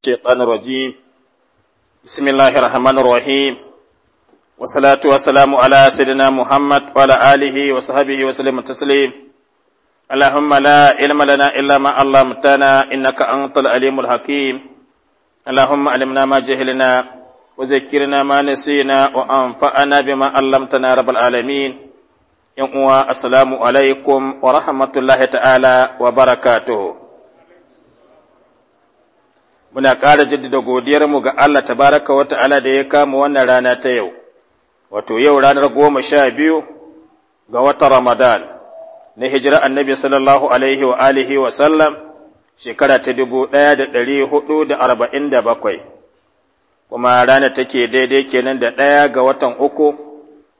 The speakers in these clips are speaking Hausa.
الشيطان الرجيم بسم الله الرحمن الرحيم والصلاة والسلام على سيدنا محمد وعلى آله وصحبه وسلم تسليم اللهم لا علم لنا إلا ما علمتنا إنك أنت العليم الحكيم اللهم علمنا ما جهلنا وذكرنا ما نسينا وأنفعنا بما علمتنا رب العالمين يوم السلام عليكم ورحمة الله تعالى وبركاته muna ƙara jaddada godiyarmu ga Allah tabaraka wa ta'ala da ya kama wannan rana ta yau, wato yau ranar goma sha biyu ga watan Ramadan na hijira annabi sallallahu alaihi wa alihi wa sallam shekara ta dubu ɗaya da ɗari hudu da arba'in da bakwai, kuma rana take daidai kenan da ɗaya ga watan uku,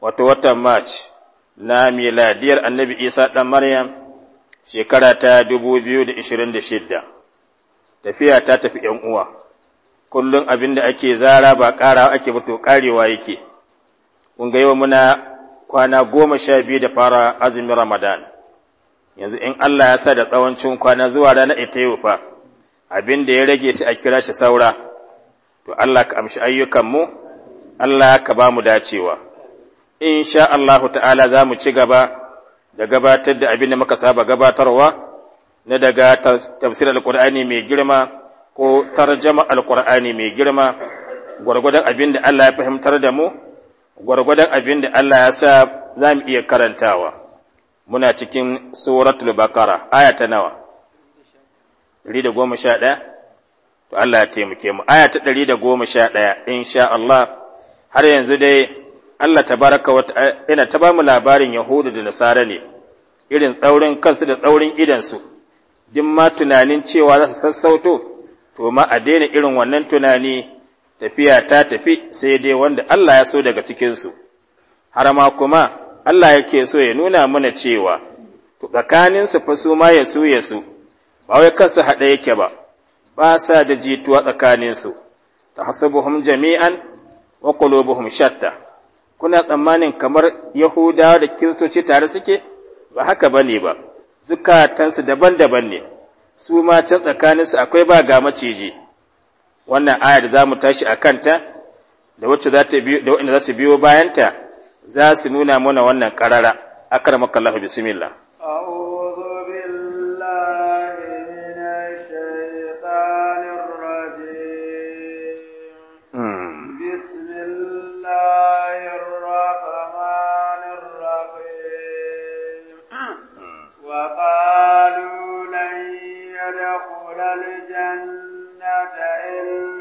wato watan March na miladiyar annabi Isa ɗan Maryam shekara ta dubu biyu da ishirin da shidda. tafiya ta tafi ‘yan uwa, kullum abin da ake zara ba ƙara ake ba to ƙarewa yake, kun ga yau muna kwana goma sha biyu da fara azumin Ramadan, yanzu in Allah ya sa da tsawancin kwana zuwa rana ita yau fa, abin da ya rage shi a kira shi saura, to Allah ka amshi ayyukanmu, Allah ka ba mu dacewa. In sha Allahu ta'ala za mu ci gaba da gabatar da abin da muka saba gabatarwa, na daga tafsir alkur'ani mai girma ko tarjama alkur'ani mai girma gwargwadon abin da Allah ya fahimtar da mu gwargwadon abin da Allah ya sa za mu iya karantawa muna cikin suratul bakara aya ta nawa 111 to Allah ya taimake mu aya ta 111 insha Allah har yanzu dai Allah tabaraka wa ta'ala ina ta bamu labarin Yahudu da Nasara ne irin tsaurin kansu da tsaurin idansu duk ma tunanin cewa za su sassauto to ma a daina irin wannan tunani tafiya ta tafi sai dai wanda Allah ya so daga cikinsu har ma kuma Allah yake so ya nuna mana cewa to tsakaninsu fa su ma ya su ya su ba wai kansu haɗa yake ba ba sa da jituwa tsakaninsu tahsabuhum jami'an wa qulubuhum shatta kuna tsammanin kamar Yahudawa da Kiristoci tare suke ba haka bane ba zukatansu daban-daban ne su ma can tsakaninsu akwai ba ga maciji wannan ayar da za mu tashi a kanta da wacce za su biyo bayanta za su nuna mana wannan karara akar Allah bismillah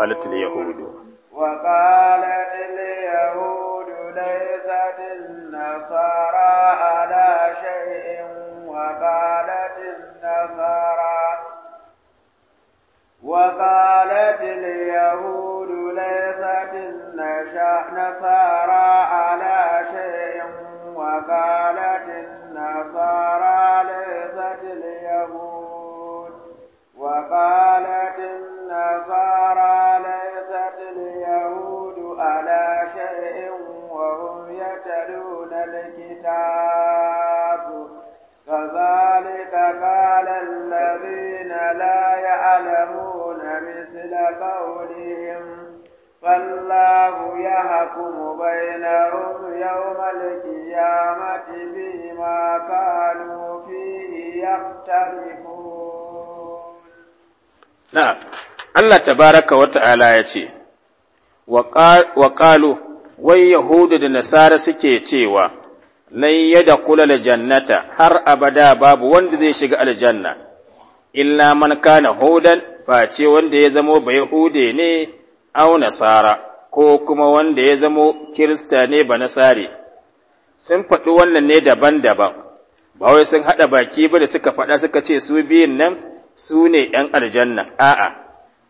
وقالت اليهود وقالت اليهود ليست النصارى على شيء وقالت النصارى وقالت اليهود ليست النصارى على na Allah tabaraka wa ta'ala ya ce wa qalu wai yahudu da nasara suke cewa kula da jannata har abada babu wanda zai shiga aljanna illa man kana hudan face wanda ya zamo ba yahude ne au nasara ko kuma wanda ya zamo kirista ne ba nasari sun faɗi wannan ne daban-daban ba wai sun haɗa baki ba da suka faɗa suka ce su biyun nan su ne ‘yan aljanna, a'a,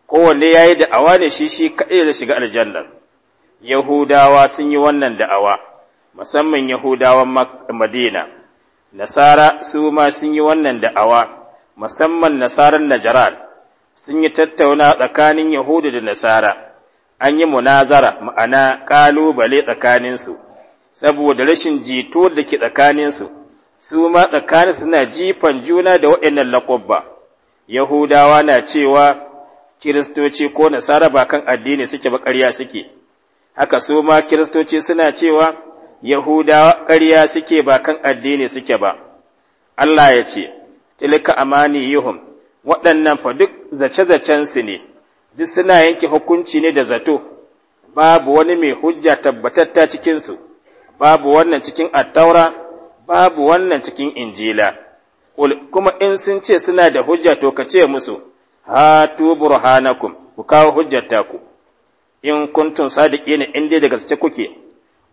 kowanne ya yi da'awa ne shi shi kaɗai da shiga Aljanna. Yahudawa sun yi wannan da'awa, musamman Yahudawan Madina, Nasara su ma sun yi wannan da'awa, musamman Nasarar Najaral. sun yi tattauna tsakanin Yahudu da Nasara, an yi munazara ma'ana ƙalubale tsakaninsu, saboda rashin jito da ke tsakaninsu, su ma tsakanin suna jifan juna da waɗannan laƙobba. Yahudawa na cewa Kiristoci ko Nasara ba kan addini suke ba ƙarya suke, haka su ma Kiristoci suna cewa Yahudawa ƙarya suke ba kan addini suke ba. Allah ya ce, Tilka amani yuhum, waɗannan fa duk zace-zacensu ne, duk suna yanke hukunci ne da zato, babu wani mai hujja tabbatatta cikinsu, babu wannan cikin attaura, babu wannan cikin injila. kuma in sun ce suna da hujja to ka ce musu tu burhanakum ku kawo hujjar ku in kuntum sadiqina in dai da gaske kuke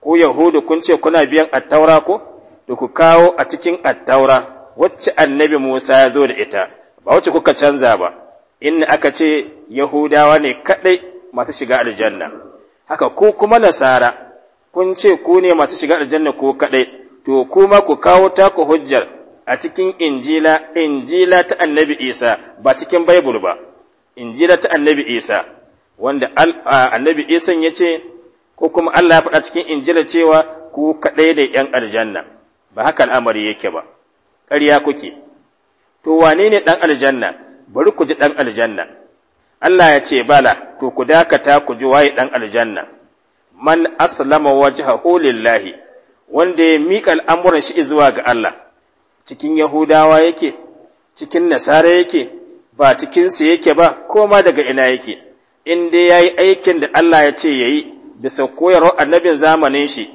ku yahudu kun ce kuna biyan attaura ko to ku kawo a cikin attaura wacce annabi Musa ya zo da ita ba wacce kuka canza ba in aka ce yahudawa ne kadai masu shiga aljanna haka ku kuma nasara kun ce ku ne masu shiga aljanna ko kadai to kuma ku kawo taku hujjar a cikin injila injila ta annabi isa ba cikin baibul ba injila ta annabi isa wanda annabi isa ya ce ko kuma allah ya faɗa cikin injila cewa ku kaɗai da ‘yan aljanna ba haka al'amari yake ba ƙarya kuke to wane ne ɗan aljanna bari ku ji ɗan aljanna allah ya ce bala to ku dakata ku ji waye ɗan aljanna man aslama wajhahu lillahi wanda ya miƙa al'amuran shi zuwa ga allah cikin Yahudawa yake, cikin Nasara yake, ba cikinsu yake ba, koma daga ina yake, in dai ya yi aikin da Allah ya ce ya yi, bisa koyarwar annabin zamanin shi,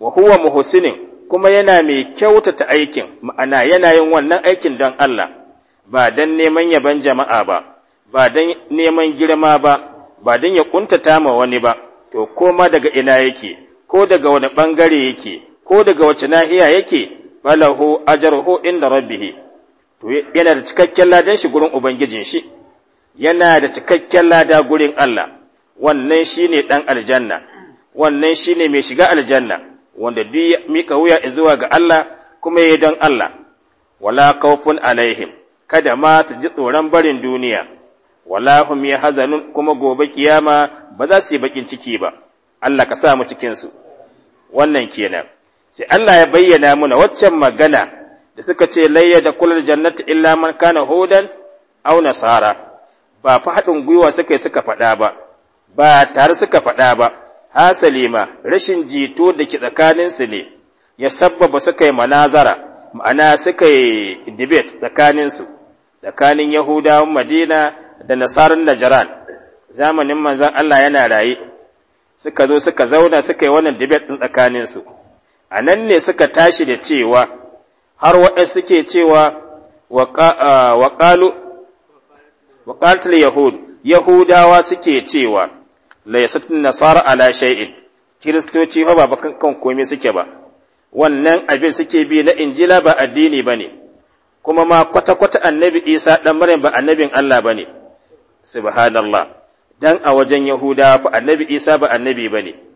wa huwa muhusinin kuma yana mai kyautata aikin, ma'ana yana yin wannan aikin don Allah, ba don neman yaban jama'a ba, ba don neman girma ba, ba don ya ƙuntata ma wani ba, to koma daga ina yake, ko daga wani ɓangare yake, ko daga wace nahiya yake, falahu ajruhu inda rabbih to yana da cikakken ladan shi gurin ubangijin shi yana da cikakken lada gurin Allah wannan shine dan aljanna wannan shine mai shiga aljanna wanda duk ya mika wuya zuwa ga Allah kuma yayi don Allah wala khawfun alaihim kada ma su ji tsoron barin duniya wala hum yahzanun kuma gobe kiyama ba za su yi bakin ciki ba Allah ka sa mu cikin su wannan kenan sai Allah ya bayyana muna waccan magana da suka ce layya da kullar jannati illa man kana hudan aw nasara ba fa haɗin gwiwa suka suka faɗa ba ba tare suka faɗa ba hasali ma rashin jito da ke tsakanin su ne ya sabbaba suka yi manazara ma'ana suka yi debate tsakanin su tsakanin yahudawan madina da nasarar najaran zamanin manzan Allah yana raye suka zo suka zauna suka yi wannan debate tsakanin su a nan ne suka tashi da cewa har waɗansu suke cewa waƙatul yahud yahudawa suke cewa laisatun nasara ala shay'in kiristoci fa ba kan komai suke ba wannan abin suke bi na injila ba addini ba ne kuma ma kwata-kwata annabi isa ɗan maryam ba annabin allah ba ne subhanallah dan a wajen yahudawa fa annabi isa ba annabi ba ne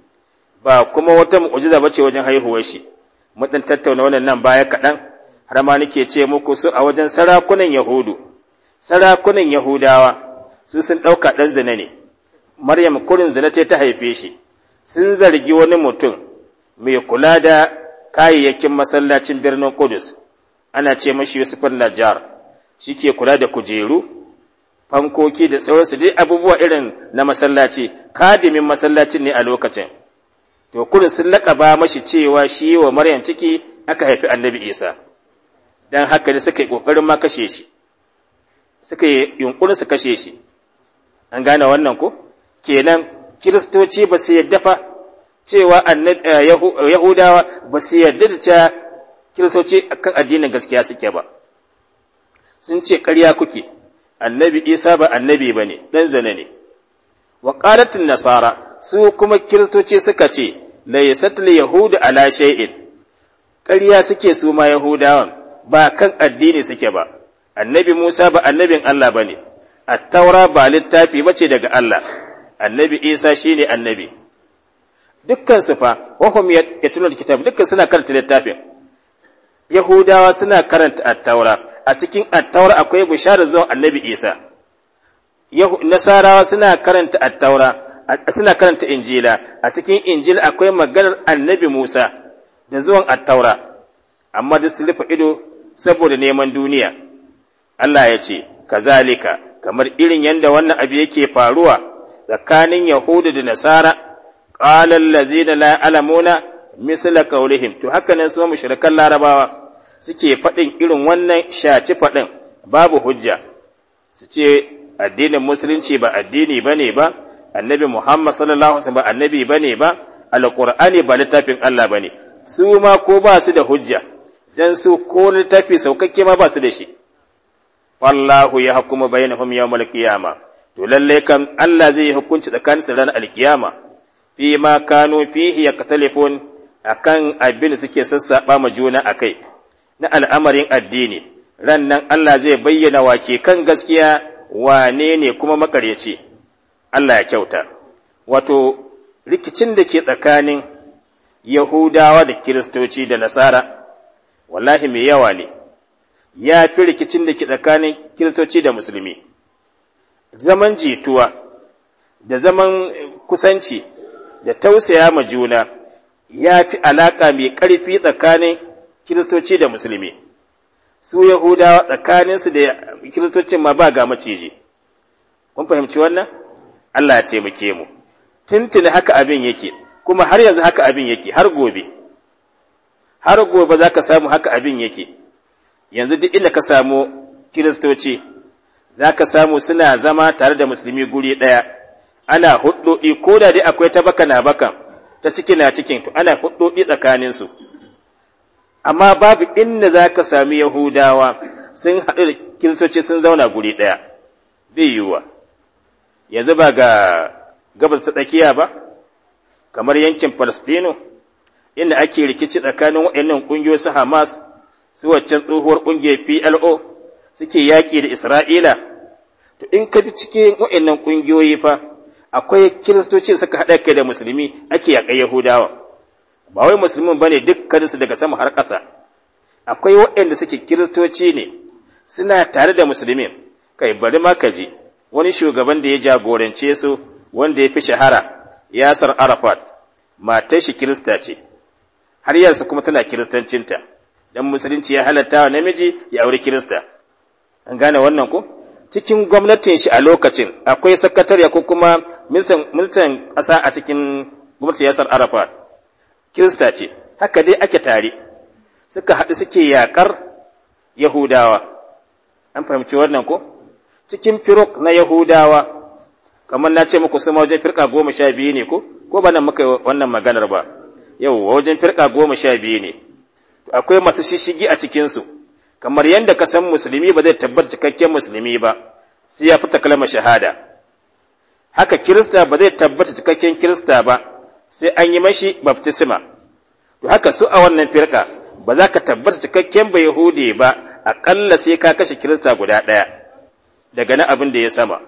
ba kuma wata mu'jiza bace wajen haihuwar shi mun dan tattauna wannan nan baya kaɗan har ma nake ce muku su a wajen sarakunan yahudu sarakunan yahudawa su sun ɗauka ɗan zina ne maryam kurin zina ce ta haife shi sun zargi wani mutum mai kula da kayayyakin masallacin birnin kudus ana ce mashi yusufin najjar shi ke kula da kujeru fankoki da su dai abubuwa irin na masallaci kadimin masallacin ne a lokacin to kurin sun laƙaba mashi cewa shi wa maryam ciki aka haifi annabi isa don haka ne suka yi ƙoƙarin ma kashe shi suka yi yunƙurin su kashe shi an gane wannan ko kenan kiristoci ba su yadda fa cewa eh, yahudawa ba su yadda da cewa kiristoci akan addinin gaskiya suke ba sun ce ƙarya kuke annabi isa ba annabi ba ne ɗan zane ne wa nasara su kuma kiristoci suka ce laysatul yahudu ala shay'in ƙarya suke su ma yahudawan ba kan addini suke ba annabi Musa ba annabin Allah bane at-taura ba littafi bace daga Allah annabi Isa shine annabi dukkan su fa wahum yatlul kitab dukkan suna karanta littafin Yahudawa suna karanta at a cikin at-taura akwai bisharar zuwa annabi Isa Nasarawa suna karanta at suna karanta injila a cikin injila akwai maganar annabi Musa da zuwan attaura amma da su ido saboda neman duniya Allah ya ce kazalika kamar irin yadda wannan abu yake faruwa tsakanin Yahudu da Nasara ƙalar lazi la alamuna misla qawlihim to haka nan su mushrikan larabawa suke faɗin irin wannan shaci faɗin babu hujja su ce addinin musulunci ba addini bane ba, ne ba annabi Muhammad sallallahu alaihi wasallam annabi bane ba alqur'ani ba littafin Allah bane su ma ko ba su da hujja dan su ko littafi saukakke ma ba su da shi wallahu ya hukumu bainahum yawmal qiyama to lalle kan Allah zai hukunci tsakanin su ranar alkiyama fi ma kanu fihi yaktalifun akan abin suke sassaba ma juna akai na al'amarin addini ran nan Allah zai bayyana wake kan gaskiya wane ne kuma makaryaci Allah ya kyauta wato rikicin da ke tsakanin Yahudawa da Kiristoci da Nasara wallahi mai yawa ne ya fi rikicin da ke tsakanin Kiristoci da Musulmi zaman jituwa da zaman eh, kusanci da tausaya ma juna ya fi alaƙa mai ƙarfi tsakanin Kiristoci da Musulmi su Yahudawa tsakaninsu da Kiristocin ma ba ga maciji kun fahimci wannan Allah ya taimake mu tuntuni haka abin yake kuma har yanzu haka abin yake har gobe har gobe za ka samu haka abin yake yanzu duk inda ka samu kiristoci za ka samu suna zama tare da musulmi guri ɗaya ana huɗoɗi ko da dai akwai ta baka na baka ta ciki na cikin to ana huɗoɗi tsakaninsu amma babu inda za ka sami yahudawa sun haɗu da kiristoci sun zauna guri ɗaya bai yiwuwa Ya zuba ga gabas ta tsakiya ba kamar yankin Falastino inda ake rikici tsakanin waɗannan ƙungiyoyi su Hamas su waccan tsohuwar ƙungiyar PLO suke yaƙi da Isra'ila to in ka bi cikin waɗannan ƙungiyoyi fa akwai kiristoci suka haɗa kai da musulmi ake yaƙa Yahudawa ba wai musulmin bane dukkaninsu daga sama har ƙasa akwai waɗanda suke kiristoci ne suna tare da musulmi kai bari ma ka je wani shugaban da ya jagorance su wanda ya fi shahara yasar arafat matar shi kirista ce har yanzu kuma tana kiristancinta dan musulunci ya halatta wa namiji ya auri kirista an gane wannan ko cikin gwamnatin shi a lokacin akwai sakatariya ko kuma ministan ƙasa a cikin gwamnatin yasar arafat kirista ce haka dai ake tare suka haɗu suke yaƙar yahudawa an fahimci wannan ko cikin firuk na Yahudawa, kamar na ce muku suma wajen firka goma sha biyu ne ko, ko ba nan muka wannan maganar ba, yau wajen firka goma sha biyu ne, akwai masu shishigi a cikinsu, kamar yadda ka san musulmi ba zai tabbar cikakken musulmi ba, sai ya fita kalma shahada. Haka Kirista ba zai tabbata cikakken Kirista ba, sai an yi mashi baftisma. To haka su a wannan firka, ba za ka tabbata cikakken ba Yahudi ba, aƙalla sai ka kashe Kirista guda ɗaya. daga na abin da ya sama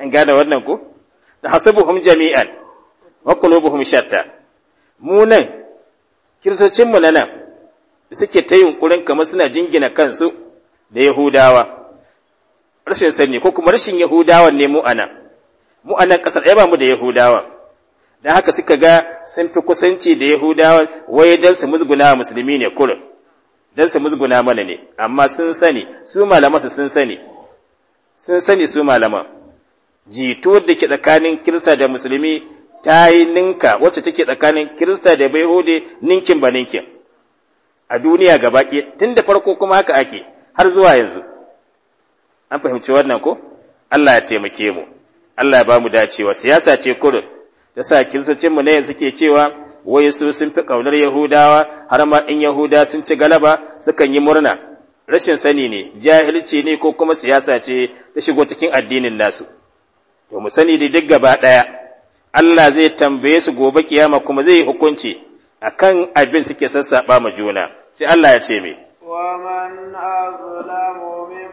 an gane wannan ko tahsabuhum jami'an wa qulubuhum shatta mu nan kiristocinmu mu nan suke ta yunkurin kamar suna jingina kansu da yahudawa rashin sani ko kuma rashin yahudawan ne mu anan mu anan ƙasar ɗaya ba mu da yahudawa dan haka suka ga sun fi kusanci da yahudawa wai dan su muzguna musulmi ne kurin dan su muzguna mana ne amma sun sani su malamansu sun sani sun sani su malaman jito da ke tsakanin kirista da musulmi ta yi ninka wacce take tsakanin kirista da bai ninkin ba ninkin a duniya gaba ke tun da farko kuma haka ake har zuwa yanzu an fahimci wannan ko Allah ya taimake mu Allah ya ba mu dacewa siyasa ce kurin ta sa kiristocinmu na yanzu ke cewa wai su sun fi ƙaunar yahudawa har ma in yahuda sun ci galaba sukan yi murna rashin sani ne jahilci ne ko kuma siyasa ce ta shigo cikin addinin nasu to mu sani da duk gaba ɗaya Allah zai tambaye su gobe kiyama kuma zai yi hukunci akan abin suke sassaɓa ma juna sai Allah ya ce me ومن أظلم ممن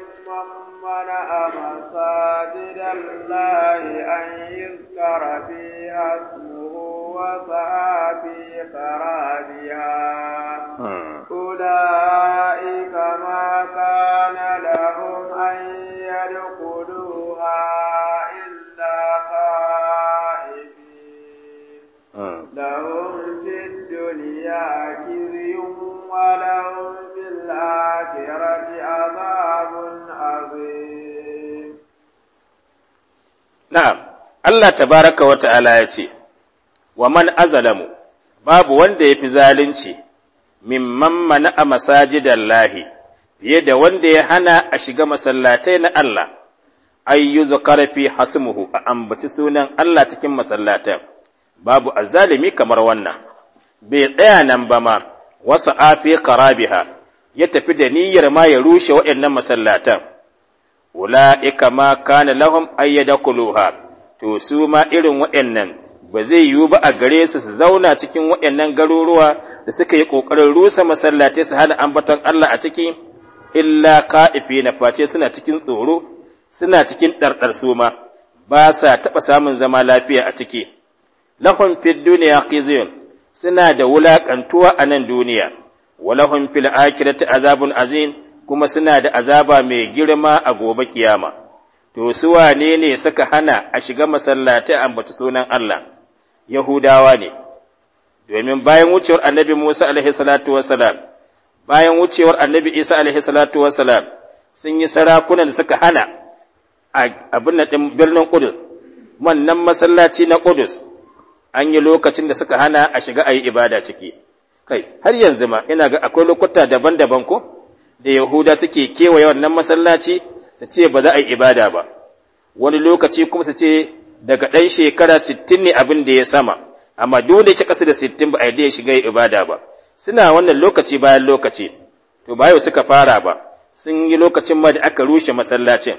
منع مساجد الله an يذكر asma وسعى في خرابها أولئك ما كان لهم أن يدخلوها إلا خائفين لهم في الدنيا خزي ولهم في الآخرة عذاب عظيم نعم Allah tabaraka wa ta'ala ya ce, wa man azalamu babu wanda ya fi zalunci mimman masajidan lahi. fiye da wanda ya hana a shiga masallatai na Allah ayyuzu karfi hasmuhu a ambaci sunan Allah cikin masallatan babu azalimi kamar wannan bai tsaya nan ba ma wasu afi qarabiha ya tafi da niyyar ma ya rushe waɗannan masallatan ula'ika ma kana lahum ayyadakuluha to su ma irin waɗannan ba zai yiwu ba a gare su su zauna cikin waɗannan garuruwa da suka yi ƙoƙarin rusa masallatai su hana ambaton Allah a ciki illa ka'ifi na face suna cikin tsoro suna cikin ɗarɗar suma ba sa taɓa samun zama lafiya a ciki Lahun duniya Kizil suna da wulaƙantuwa a nan duniya wa lahun fil akirata azabun azin kuma suna da azaba mai girma a gobe kiyama to su ne ne suka hana a shiga masallatai ambata sunan Allah Yahudawa ne, domin bayan wucewar annabi Musa alaihi salatu wassalam, bayan wucewar annabi Isa alaihi salatu sun yi sarakunan da suka hana abin na birnin Kudus, wannan masallaci na Ƙudus, an yi lokacin da suka hana a shiga a yi ibada ciki. Kai, har yanzu ma, ina ga akwai lokuta daban-daban ko, da Yahuda suke kewaye wannan masallaci su ce ba za a yi ibada ba, wani lokaci kuma su ce daga ɗan shekara sittin ne abin da ya sama amma duk da ya ƙasa da sittin ba a yadda ya shiga ibada ba suna wannan lokaci bayan lokaci to ba yau suka fara ba sun yi lokacin ma da aka rushe masallacin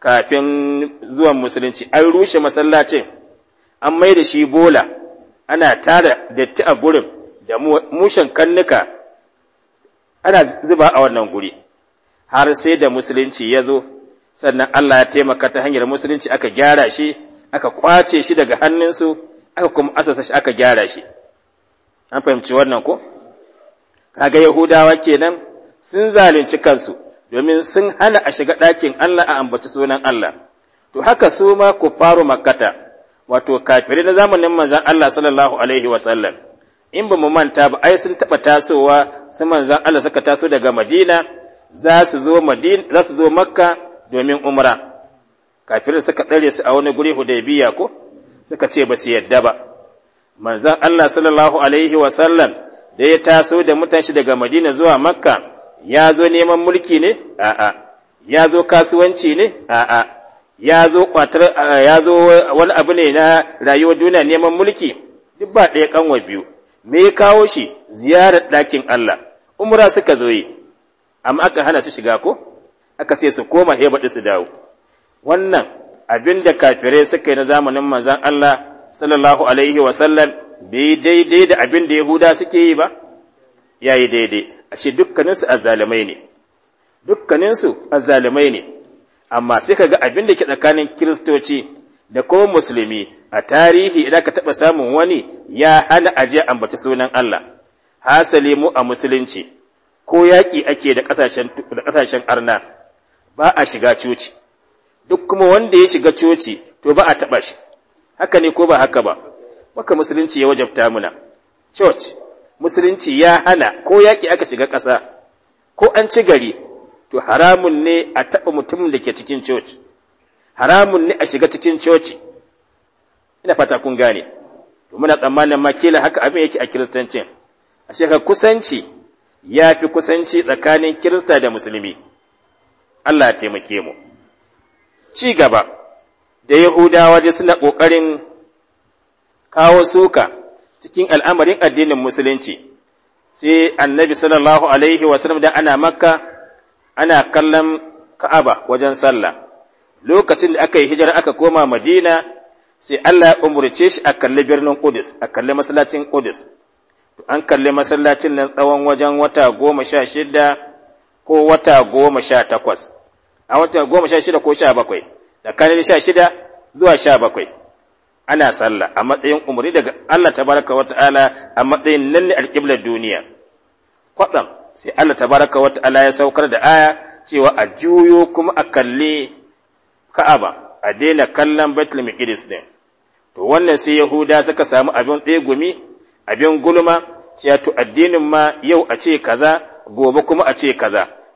kafin zuwan musulunci an rushe masallacin an mai da shi bola ana tara datti a gurin da mushen kannuka ana zuba a wannan guri har sai da musulunci ya zo sannan Allah ya taimaka ta hanyar musulunci aka gyara shi aka kwace shi daga hannunsu aka kuma asasa shi aka gyara shi an fahimci wannan ko kaga yahudawa kenan sun zalunci kansu domin sun hana a shiga ɗakin Allah a ambaci sunan Allah to haka su ma ku faru makkata wato kafirai na zamanin manzon Allah sallallahu alaihi wa in ba mu manta ba ai sun taɓa tasowa su manzan Allah suka taso daga Madina za su zo Madina za su zo Makka domin umra kafirin suka ɗare su a wani guri hudaybiya ko suka ce ba su yadda ba manzon Allah sallallahu alaihi wa sallam da ya taso da mutan shi daga Madina zuwa Makka ya zo neman mulki ne a'a ya zo kasuwanci ne a'a ya zo kwatar ya zo wani abu ne na rayuwar duniya neman mulki duk ba ɗaya kanwa biyu me ya kawo shi ziyarar ɗakin Allah umra suka zo yi amma aka hana su shiga ko aka ce su koma he baɗi su dawo wannan abin da kafirai suka yi na zamanin manzon Allah sallallahu alaihi wa sallam bai daidai da abin da Yahuda suke yi ba yayi daidai ashe dukkaninsu azzalumai ne dukkaninsu azzalumai ne amma sai ka ga abin da ke tsakanin kiristoci da kuma musulmi a tarihi idan ka taɓa samun wani ya hana aje ambaci sunan Allah, hasali mu a musulunci, ko yaƙi ake da ƙasashen arna, ba a shiga coci duk kuma wanda ya shiga coci to ba a taɓa shi haka ne ko ba haka ba maka musulunci ya wajabta muna church musulunci ya hana ko yaƙi aka shiga ƙasa ko an ci gari to haramun ne a taɓa mutumin da ke cikin coci haramun ne a shiga cikin coci ina fata kun gane to muna tsammanin makila haka abin yake a kiristancin a shekar kusanci ya fi kusanci tsakanin kirista da musulmi Allah ya taimake mu ci gaba da Yahudawa da suna ƙoƙarin kawo suka cikin al'amarin addinin musulunci sai annabi sallallahu alaihi wasallam da ana makka ana kallon ka'aba wajen sallah lokacin da aka yi hijira aka koma madina sai Allah ya umurce shi a kalli birnin Qudus a kalli masallacin Qudus an kalli masallacin nan tsawon wajen wata goma sha shida ko wata goma sha takwas a wata goma sha shida ko sha bakwai tsakanin sha shida zuwa sha bakwai ana sallah a matsayin umarni daga Allah ta baraka wa ta'ala a matsayin nan ne alƙiblar duniya Kwaɗan, sai Allah ta baraka wa ta'ala ya saukar da aya cewa a juyo kuma a kalli ka'aba a daina kallon Bethlehem Idris ɗin to wannan sai yahuda suka samu abin tsegumi abin gulma cewa to addinin ma yau a ce kaza gobe kuma a ce kaza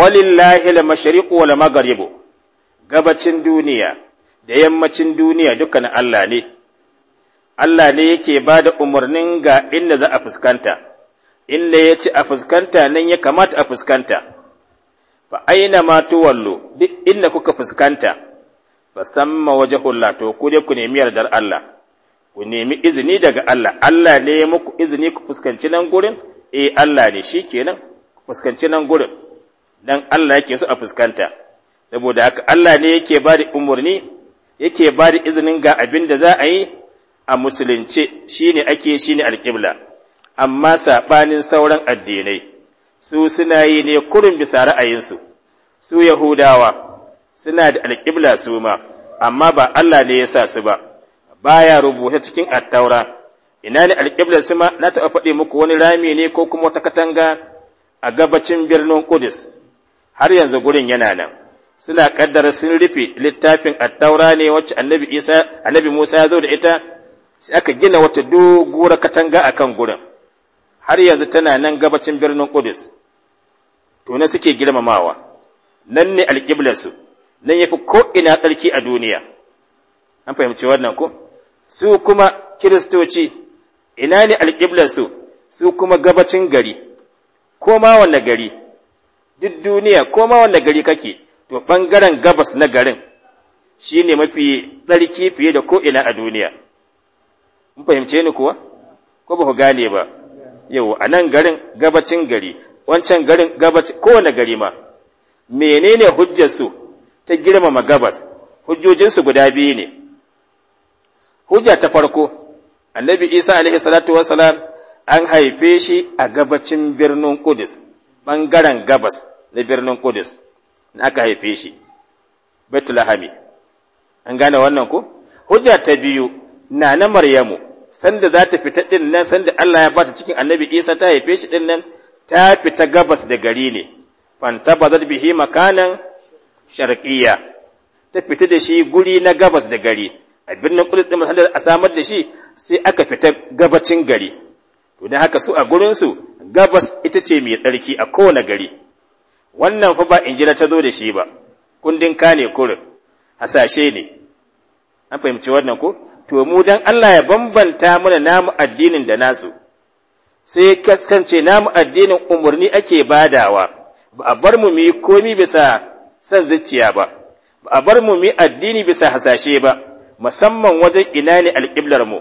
walillahi la mashariqu wa la magharibu gabacin duniya da yammacin duniya dukkan Allah ne Allah ne yake ba da umarnin ga inda za a fuskanta inda ya ce a fuskanta nan ya kamata a fuskanta fa aina ma tuwallu duk inda kuka fuskanta fa samma wajhullah to ku ku nemi yardar Allah ku nemi izini daga Allah Allah ne ya muku izini ku fuskanci nan gurin eh Allah ne shikenan ku fuskanci nan gurin dan Allah yake so a fuskanta saboda haka Allah ne yake ba da umarni yake ba da izinin ga abin da za a yi a musulunce shine ake shine alƙibla amma saɓanin sauran addinai su suna yi ne kurin bisa ra'ayinsu su yahudawa suna da alƙibla su ma amma ba Allah ne ya sa su ba baya rubuta cikin attaura ina ne alƙiblar su ma na taɓa faɗi muku wani rami ne ko kuma wata katanga a gabacin birnin Kudus har yanzu gurin yana nan suna kaddara sun rufe littafin attaura ne wacce annabi isa annabi musa ya zo da ita sai aka gina wata doguwar katanga a kan gurin har yanzu tana nan gabacin birnin kudus to suke girmamawa nan ne alƙiblarsu nan yafi ko ina tsarki a duniya an fahimci wannan ko su kuma kiristoci ina ne alƙiblarsu su kuma gabacin gari ko ma wanne gari duk duniya ko ma wanda gari kake to bangaren gabas na garin shi ne mafi tsarki fiye da ko'ina a duniya mun fahimce ni kuwa ko ba ku gane ba yau a nan garin gabacin gari wancan garin gabacin kowane gari ma menene hujjarsu ta girmama gabas hujjojinsu guda biyu ne hujja ta farko annabi isa alaihi salatu wasalam an haife shi a gabacin birnin kudus ɓangaren gabas na birnin Kudus na aka haife shi, Betulahami. An gane wannan ku Hujja ta biyu na na Maryamu, sanda za ta fita ɗin nan, sanda Allah ya bata cikin annabi Isa ta haife shi ɗin nan, ta fita gabas da gari ne, fanta ba zai bihi makanan sharƙiya, ta fita da shi guri na gabas da gari, a birnin Kudus ɗin sanda a samar da shi sai aka fita gabacin gari. to haka su a gurinsu gabas ita ce mai tsarki a kowane gari wannan fa ba injila ta zo da shi ba kundin ka ne kurin hasashe ne an fahimci wannan ko to mu dan Allah ya bambanta mana namu addinin da nasu sai kaskance namu addinin umarni ake badawa ba a bar mu mu komi bisa san zuciya ba ba a bar mu mu yi addini bisa hasashe ba musamman wajen ina ne alƙiblar mu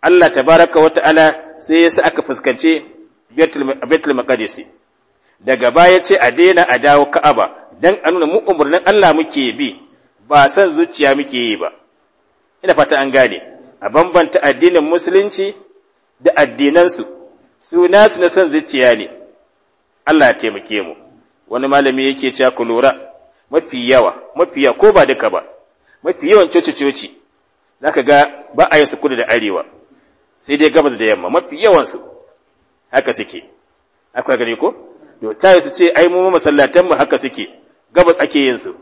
Allah tabaraka wa ta'ala sai yasa aka fuskance Baitul Maqdis daga baya ce a daina a dawo Ka'aba dan a nuna mu umurnin Allah muke bi ba san zuciya muke yi ba ina fata an gane a bambanta addinin musulunci da addinansu su nasu na san zuciya ne Allah ya taimake mu wani malami yake cewa ku lura mafi yawa mafi yawa ko ba duka ba mafi yawan coci-coci za ka ga ba a yin su kudu da arewa sai dai gabas da yamma mafi yawansu haka suke akwai gani ko to ta yi su ce ai mu masallatan mu haka suke gabas ake yin su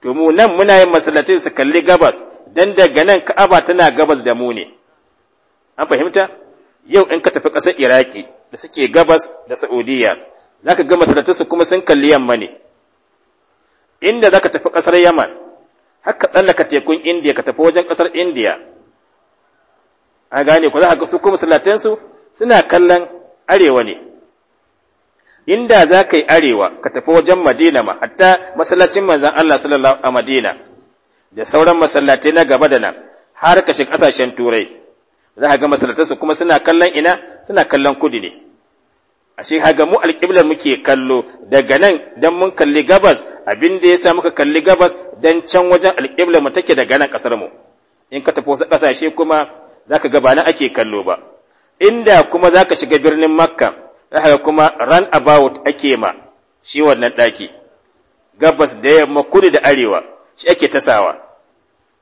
to mu nan muna yin masallatai su kalli gabas dan daga nan Ka'aba tana gabas da mu ne an fahimta yau in ka tafi ƙasar Iraki da suke gabas da Saudiya zaka ga masallatai su kuma sun kalli yamma ne inda zaka tafi ƙasar Yaman haka tsallaka tekun Indiya ka tafi wajen ƙasar Indiya a gane ku za ga su kuma su suna kallon arewa ne inda za ka yi arewa ka tafi wajen madina ma hatta masallacin manzan Allah sallallahu a madina da sauran masallatai na gaba da nan har ka shiga ƙasashen turai za a ga masallatansu kuma suna kallon ina suna kallon kudi ne ashe haga mu alƙiblar muke kallo daga nan dan mun kalli gabas abin da sa muka kalli gabas dan can wajen alƙiblar mu take daga nan ƙasar mu in ka tafi wasu ƙasashe kuma zaka ga ba na ake kallo ba inda kuma zaka shiga birnin makka haka kuma run about ake ma shi wannan daki gabas da yamma kudu da arewa shi ake tasawa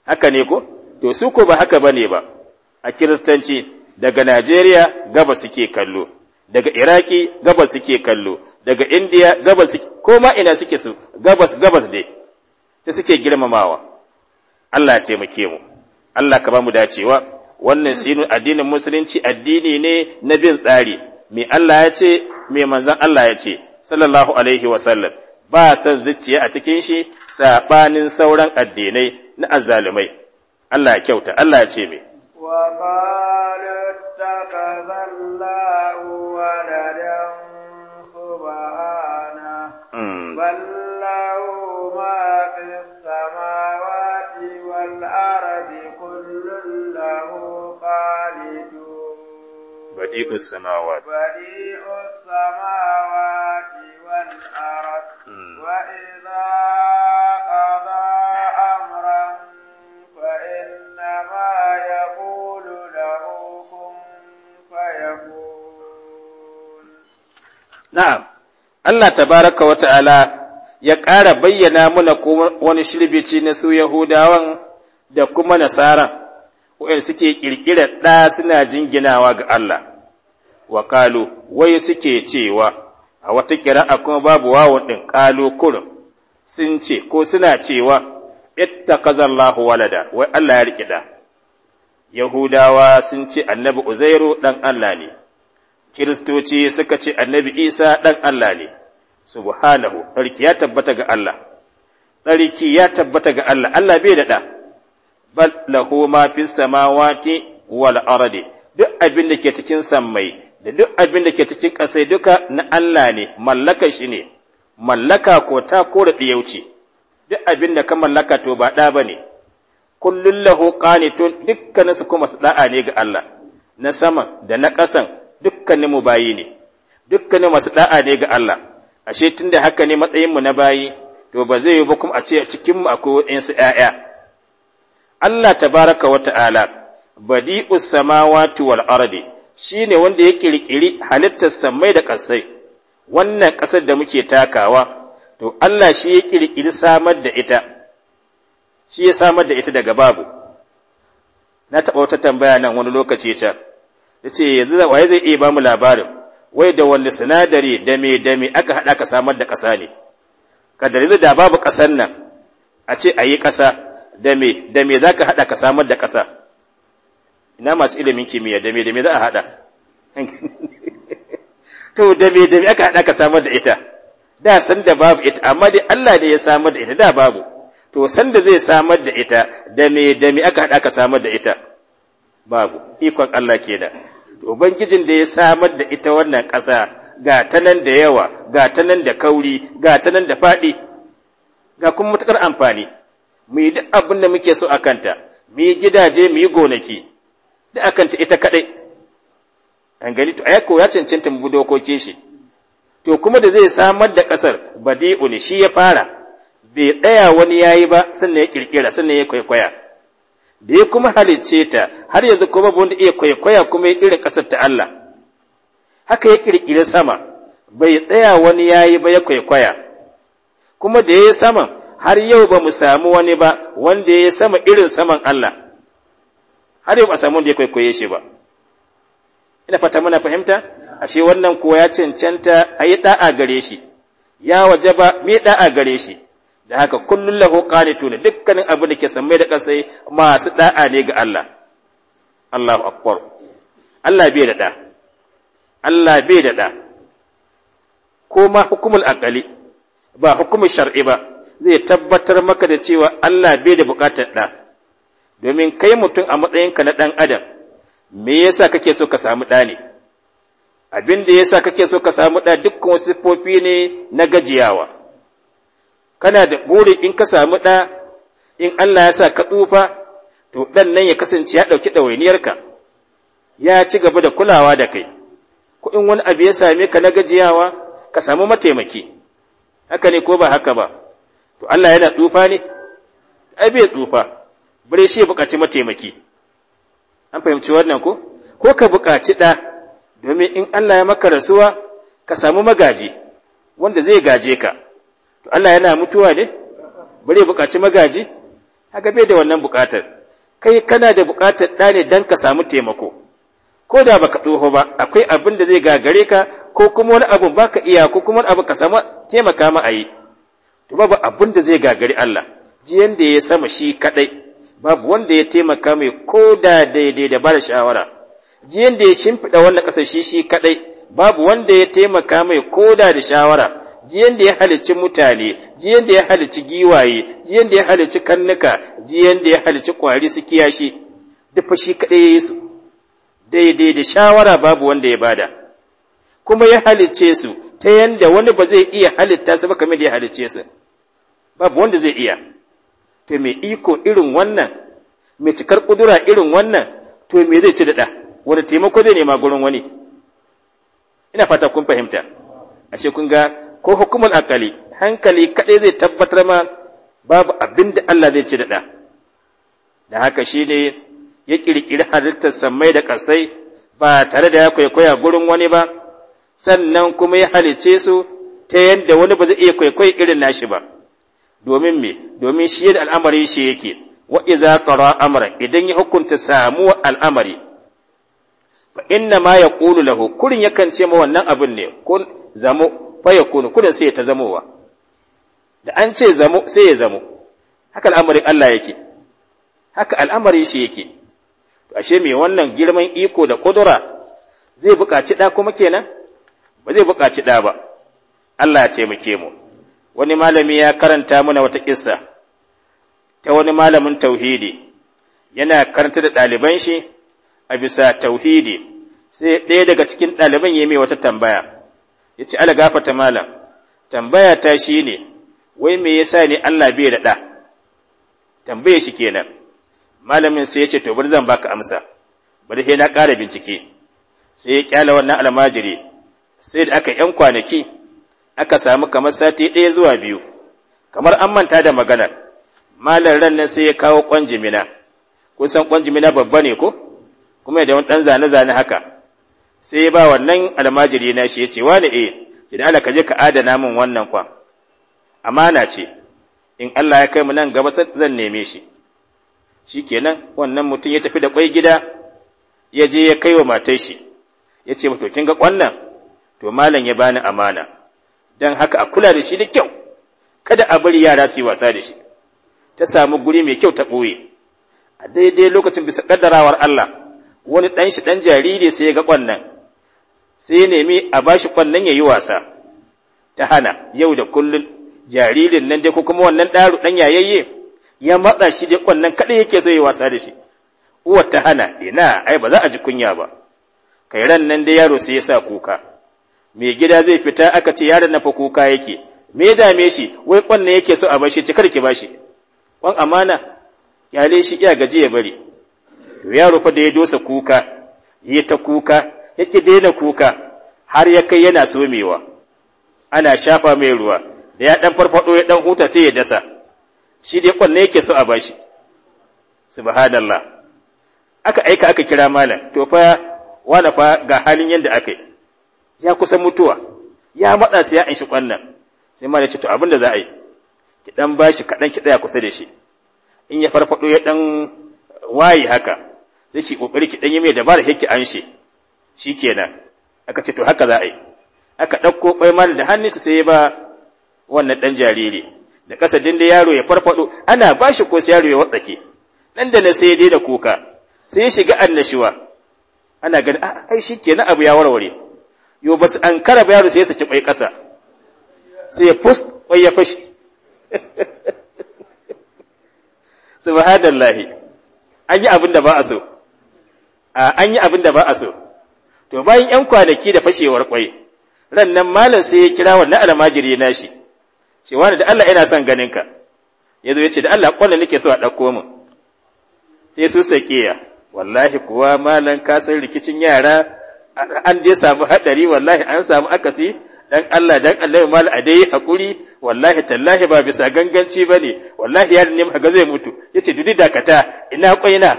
haka ne ko to su ko ba haka bane ba a kiristanci daga Najeriya gabas suke kallo daga Iraki gabas suke kallo daga Indiya gabas ko ma ina suke su gabas gabas dai ta suke girmamawa Allah ya taimake mu Allah ka ba mu dacewa wannan sinu addinin musulunci addini ne na bin tsari me Allah ya ce me manzon Allah ya ce sallallahu alaihi wa sallam ba san zuciya a cikin shi saɓanin sauran addinai na azzalumai Allah ya kyauta Allah ya ce me badi'us samawat badi'us samawati wal ard hmm. wa idza qada amran fa inna ma yaqulu lahu kun fayakun Allah tabaraka wa ta'ala ya ƙara bayyana mana ko wani shirbici na su Yahudawan da kuma nasara wa'in suke ƙirƙirar ɗa suna jinginawa ga Allah. wa kalu wai suke cewa a wata kira'a kuma babu wawon ɗin kalu kurum sun ce ko suna cewa ita kazallahu walada wai Allah ya riƙe da Yahudawa sun ce annabi Uzairu ɗan Allah ne Kiristoci suka ce annabi Isa ɗan Allah ne subhanahu tsarki ya tabbata ga Allah tsarki ya tabbata ga Allah Allah bai daɗa ɗa bal lahu ma fis samawati wal ardi duk abin da ke cikin sammai da eh, duk abin da ke cikin ƙasai duka na Allah ne mallaka shi ne mallaka ko ta kore ɗiyauci duk abin da ka mallaka to ba ɗa ba ne kullum lahu qanitun dukkanin su kuma da'a ne ga Allah na saman da na kasan dukkanin mu bayi ne dukkanin masu da'a ne ga Allah ashe tunda haka ne matsayin mu na bayi to ba zai yi ba kuma a ce a cikin mu akwai waɗansu yaya. Allah tabaraka wa ta'ala badi'us samawati wal ardi shi ne wanda ya ƙirƙiri halittar sammai da ƙasai, wannan ƙasar da muke takawa, to Allah shi ya ƙirƙiri samar da ita, shi ya samar da ita daga babu. Na taɓa wata tambaya nan wani lokaci can, ya ce yanzu waye zai iya ba mu labarin, wai da wani sinadari da me da me aka haɗa ka samar da ƙasa ne. Kadar yanzu da babu ƙasar nan, a ce a yi ƙasa, da me da za ka haɗa ka samar da ƙasa. ina masu ilimin kimiyya da mai da za a haɗa to da mai da aka haɗa ka samar da ita da san da babu ita amma dai Allah da ya samar da ita da babu to san da zai samar da ita da mai da mai aka haɗa ka samar da ita babu ikon Allah ke to ubangijin da ya samar da ita wannan ƙasa ga ta nan da yawa ga ta nan da kauri ga ta nan da faɗi ga kuma matuƙar amfani mu yi duk abin da muke so a kanta mu yi gidaje mu yi gonaki ta a ita kaɗai an gani to ayako ya cancanta mu dokokin shi to kuma da zai samar da ƙasar badi'un shi ya fara bai tsaya wani yayi ba sannan ya kirkira sannan ya kwaikwaya da ya kuma halicce ta har yanzu kuma wanda iya kwaikwaya kuma ya irin ƙasar ta Allah haka ya kirkira sama bai tsaya wani yayi ba ya kwaikwaya kuma da ya yi saman har yau ba mu samu wani ba wanda ya yi sama irin saman Allah har yau ba samu da ya kwaikwaye shi ba ina fata muna fahimta ashe wannan kuwa ya cancanta a yi da'a gare shi ya waje ba mai da'a gare shi da haka kullum lahu tuna dukkanin abu da ke samai da kasai masu da'a ne ga Allah Allahu akbar Allah bai da da Allah bai da da ko ma hukumul aqali ba hukumul shar'i ba zai tabbatar maka da cewa Allah bai da bukatar da domin kai mutum a matsayinka na ɗan adam me yasa kake so ka samu ɗa ne abin da yasa kake so ka samu ɗa dukkan wasu siffofi ne na gajiyawa kana da buri in ka samu ɗa in Allah ya sa ka tsufa to ɗan nan ya kasance ya ɗauki ɗawainiyarka ya ci gaba da kulawa da kai ko in wani abu ya same ka na gajiyawa ka samu mataimaki haka ne ko ba haka ba to Allah yana tsufa ne ai bai tsufa bare shi ya buƙaci mataimaki an fahimci wannan ko ko ka buƙaci ɗa domin in Allah ya maka rasuwa ka samu magaji wanda zai gaje ka to Allah yana mutuwa ne bare buƙaci magaji haka bai da wannan buƙatar kai kana da buƙatar ɗa ne don ka samu taimako ko da baka tsoho ba akwai abin da zai gagare ka ko kuma wani abu baka iya ko kuma wani abu ka samu taimaka ma a yi to babu abin da zai gagari Allah jiyan da ya sama shi kaɗai babu wanda ya taimaka mai ko da daidai da ba da shawara jiyan da ya shimfiɗa wannan ƙasar shi shi kaɗai babu wanda ya taimaka mai ko da da shawara jiyan da ya halicci mutane jiyan da ya halicci giwaye jiyan da ya halicci kannuka jiyan da ya halicci kwari su kiyashi duk shi kaɗai ya yi su daidai da shawara babu wanda ya bada kuma ya halicce su ta yanda wani ba zai iya halitta su ba kamar da ya halicce su babu wanda zai iya to mai iko irin wannan mai cikar kudura irin wannan to me zai ci daɗa wani taimako zai nema gurin wani ina fata kun fahimta ashe kun ga ko hukumar akali hankali kaɗai zai tabbatar ma babu abin da Allah zai ci daɗa da haka shi ne ya ƙirƙiri halittar samai da ƙasai ba tare da ya kwaikwaya gurin wani ba sannan kuma ya halice su ta yadda wani ba zai iya kwaikwai irin nashi ba domin me domin shi da al'amari shi yake wa iza qara amra idan ya hukunta samuwa al'amari fa inna ma yaqulu lahu kurin yakan ce ma wannan abin ne kun zamo fa yakunu kudin sai ta zamowa da an ce zamo sai ya zamo haka al'amari Allah yake haka al'amari shi yake ashe me wannan girman iko da kudura zai buƙaci da kuma kenan ba zai buƙaci da ba Allah ya taimake mu wani malami ya karanta mana wata kissa ta wani malamin tauhidi yana karanta da ɗaliban shi a bisa tauhidi sai ɗaya daga cikin ɗaliban ya mai wata tambaya ya ce ala gafata malam tambaya ta shi ne wai me yasa ne Allah bai da ɗa tambaye shi kenan malamin sai ya ce to bari zan baka amsa bari sai na ƙara bincike sai ya kyala wannan almajiri sai da aka yan kwanaki aka samu kamar sati ɗaya zuwa biyu kamar an manta da maganar malar ran nan sai ya kawo ƙwanjimina kun san ƙwanjimina babba ne ko kuma yadda wani ɗan zane-zane haka sai ya ba wannan almajiri na shi ya ce wani eh idan Allah ka je ka adana min wannan kwan amana ce in Allah ya kai mu nan gaba zan neme shi shi kenan wannan mutum ya tafi da kwai gida ya je ya kai wa matar shi ya ce to kin ga ƙwannan to malam ya bani amana don haka a kula da shi da kyau kada a bari yara su yi wasa da shi ta samu guri mai kyau ta ɓoye a daidai lokacin bisa ƙaddarawar Allah wani ɗan shi ɗan jariri sai ya ga ƙwannan sai ya nemi a bashi ƙwannan ya yi wasa ta hana yau da kullum jaririn nan dai ko kuma wannan ɗaru ɗan yayayye ya matsa shi dai ƙwannan kaɗai yake sai ya wasa da shi uwar ta hana ina ai ba za a ji kunya ba kai ran nan dai yaro sai ya sa kuka mai gida zai fita aka ce yaron na fa kuka yake me ya dame shi wai kwanne yake so a bar shi cikar ki bashi kwan amana yale shi iya gaji ya bari to yaro fa da ya dosa kuka yi ta kuka ya ƙi daina kuka har ya kai yana somewa ana shafa mai ruwa da ya ɗan farfaɗo, ya dan huta sai ya dasa shi dai kwanne yake so a bashi subhanallah aka aika aka kira malam to fa wala fa ga halin yadda aka yi ya kusan mutuwa ya matsa sai ya in shi kwallon sai ma ce to abin da za a yi ki dan bashi kaɗan ki ɗaya kusa da shi in ya farfaɗo ya ɗan waye haka sai ki ƙoƙari ki dan yi mai dabara sai ki an shi kenan aka ce to haka za a yi aka ɗauko mal da hannun shi sai ya ba wannan dan jariri da ƙasa da yaro ya farfado ana ba shi ko sai yaro ya watsake dan da na sai dai da kuka sai ya shiga annashuwa ana ganin ah, ai shi kenan abu ya warware yo ba su an kara ba yaro sai ya saki kwai ƙasa sai ya fus kwai ya fashi subhanallahi an yi abin da ba a so an yi abin da ba a so to bayan yan kwanaki da fashewar kwai ran nan malam sai ya kira wannan almajiri na shi shi wani da Allah yana son ganin ka ya zo ya ce da Allah kwallo nake so a ɗauko min sai su sakiya wallahi kuwa malam ka san rikicin yara an je samu hadari wallahi an samu akasi dan Allah dan Allah mal a dai hakuri wallahi tallahi ba bisa ganganci bane wallahi yaron ne maka zai mutu yace dudi dakata ina kwaina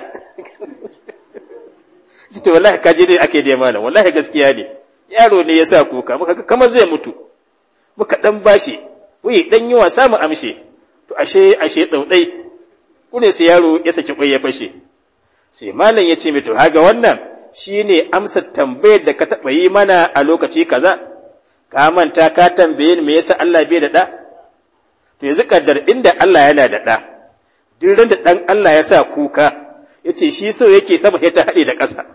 yace wallahi kaje dai ake dai malam wallahi gaskiya ne yaro ne yasa kuka muka ga kamar zai mutu muka dan bashi wai dan yi wasa mu amshe to ashe ashe daudai kune sai yaro ya saki kwai ya fashe sai malam yace mai to haga wannan Shi ne amsa tambayar da ka taɓa yi mana a lokaci kaza ka manta ka tambaye ni me yasa Allah bai da ɗa to yanzu kaddar inda Allah yana da ɗa duk da ɗan Allah ya sa kuka ya ce shi so yake sama ya ta haɗe da ƙasa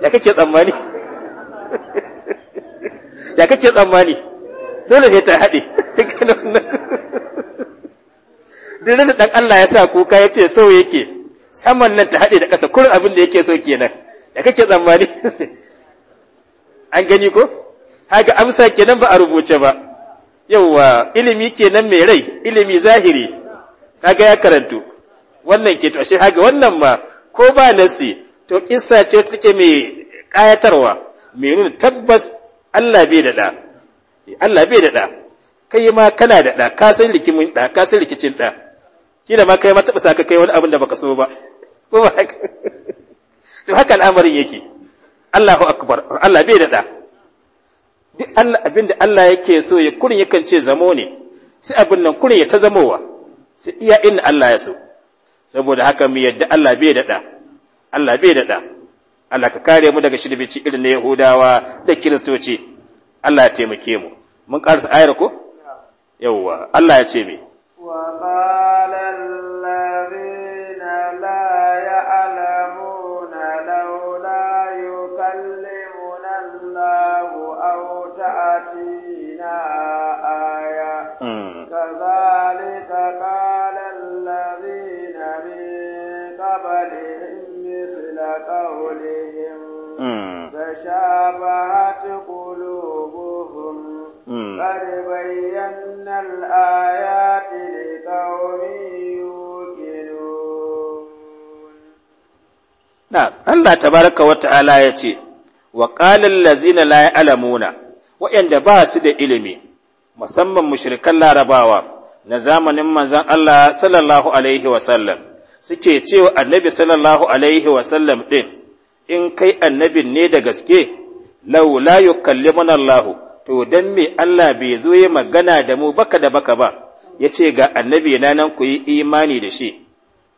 ya kake tsammani ya kake tsammani dole sai ta haɗe duk da ɗan Allah ya sa kuka ya ce so yake saman nan ta haɗe da ƙasa kurin abin da yake so kenan da kake tsammani an gani ko haka amsa kenan ba a rubuce ba yauwa ilimi kenan mai rai ilimi zahiri kaga ya karantu wannan ke to shi haka wannan ma ko ba nasi to kissa ce take mai kayatarwa mai nuna tabbas Allah bai da eh, Allah bai da kai ma kana da ɗa ka san likimin da ka san likicin da kila ma kai ma taɓa sa ka kai wani abin da baka so ba ko ba to haka al'amarin yake Allahu akbar Allah bai daɗa duk Allah abin da Allah yake so ya kurin yakan ce zamo ne sai abin nan kurin ya ta zamowa sai iya inna Allah ya so saboda haka mu yadda Allah bai daɗa Allah bai daɗa. Allah ka kare mu daga shirbici irin na Yahudawa da Kiristoci Allah ya taimake mu mun karasa ayar ko yawwa Allah ya ce me wa qala العلم صلة قولهم تشابهت قلوبهم قد بينا الآيات لقوم يوقنون نعم الله تبارك وتعالى يتي وقال الذين لا يعلمون وإن إلمي musamman mushrikan larabawa na zamanin manzon Allah sallallahu alaihi wasallam suke cewa annabi sallallahu alaihi wasallam ɗin in kai annabin ne da gaske laula kalli Allahu to dan me Allah bai zo yi magana da mu baka da baka ba yace ga annabi na nan ku yi imani da shi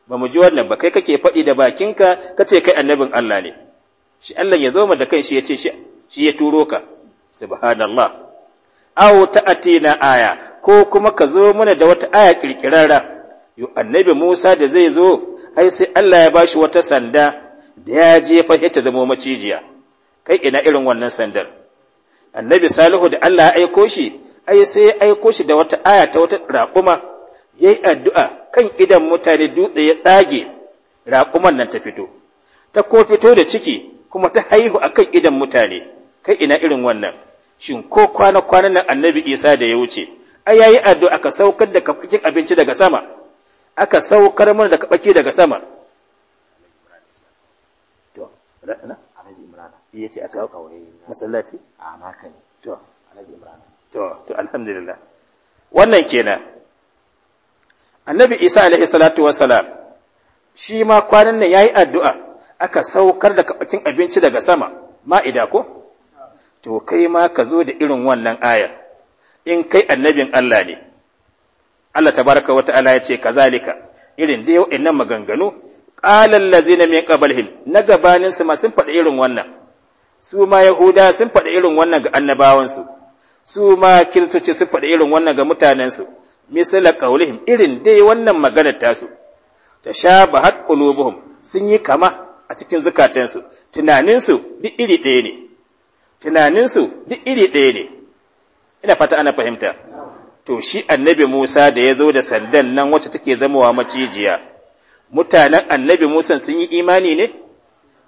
ba mu ji wannan ba kai kake faɗi da bakinka kace kai annabin Allah ne shi Allah ya zo ma da kanshi yace shi shi ya turo ka subhanallah aw ta'atina aya ko kuma ka zo mana da wata aya kirkirarra yo annabi Musa da zai zo ai sai Allah ya bashi wata sanda da ya jefa ta zama macijiya kai ina irin wannan sandar annabi Salihu da Allah ya aiko shi ai sai ya aiko shi da wata aya ta wata raƙuma yayi addu'a kan idan mutane dutse ya tsage raƙuman nan ta fito ta ko fito da ciki kuma ta haihu akan idan mutane kai ina irin wannan shin ko kwana-kwanan nan annabi Isa da ya wuce ai yayi addu'a ka saukar da kafakin abinci daga sama aka saukar mana da kabaki daga sama to na alhaji imrana ya ce a kawo masallaci a maka ne to alhaji imrana to to alhamdulillah wannan kenan annabi isa alaihi salatu wassalam shi ma kwanan nan yayi addu'a aka saukar da kabakin abinci daga sama ma'ida ko to kai ma ka zo da irin wannan ayar in kai annabin Allah ne Allah tabaraka wa ta'ala ya ce kazalika irin da wa'annan maganganu qala allazina min qablihim na gabanin su ma sun faɗi irin wannan su ma yahuda sun faɗi irin wannan ga annabawansu su ma kiristoci sun faɗi irin wannan ga mutanensu misala qaulihim irin dai wannan maganar tasu tashabahat qulubuhum sun yi kama a cikin zukatansu tunaninsu duk tunaninsu duk iri ɗaya ne ina fata ana fahimta to shi annabi Musa da ya zo da sandan nan wacce take zamowa macijiya, mutanen annabi Musa sun yi imani ne?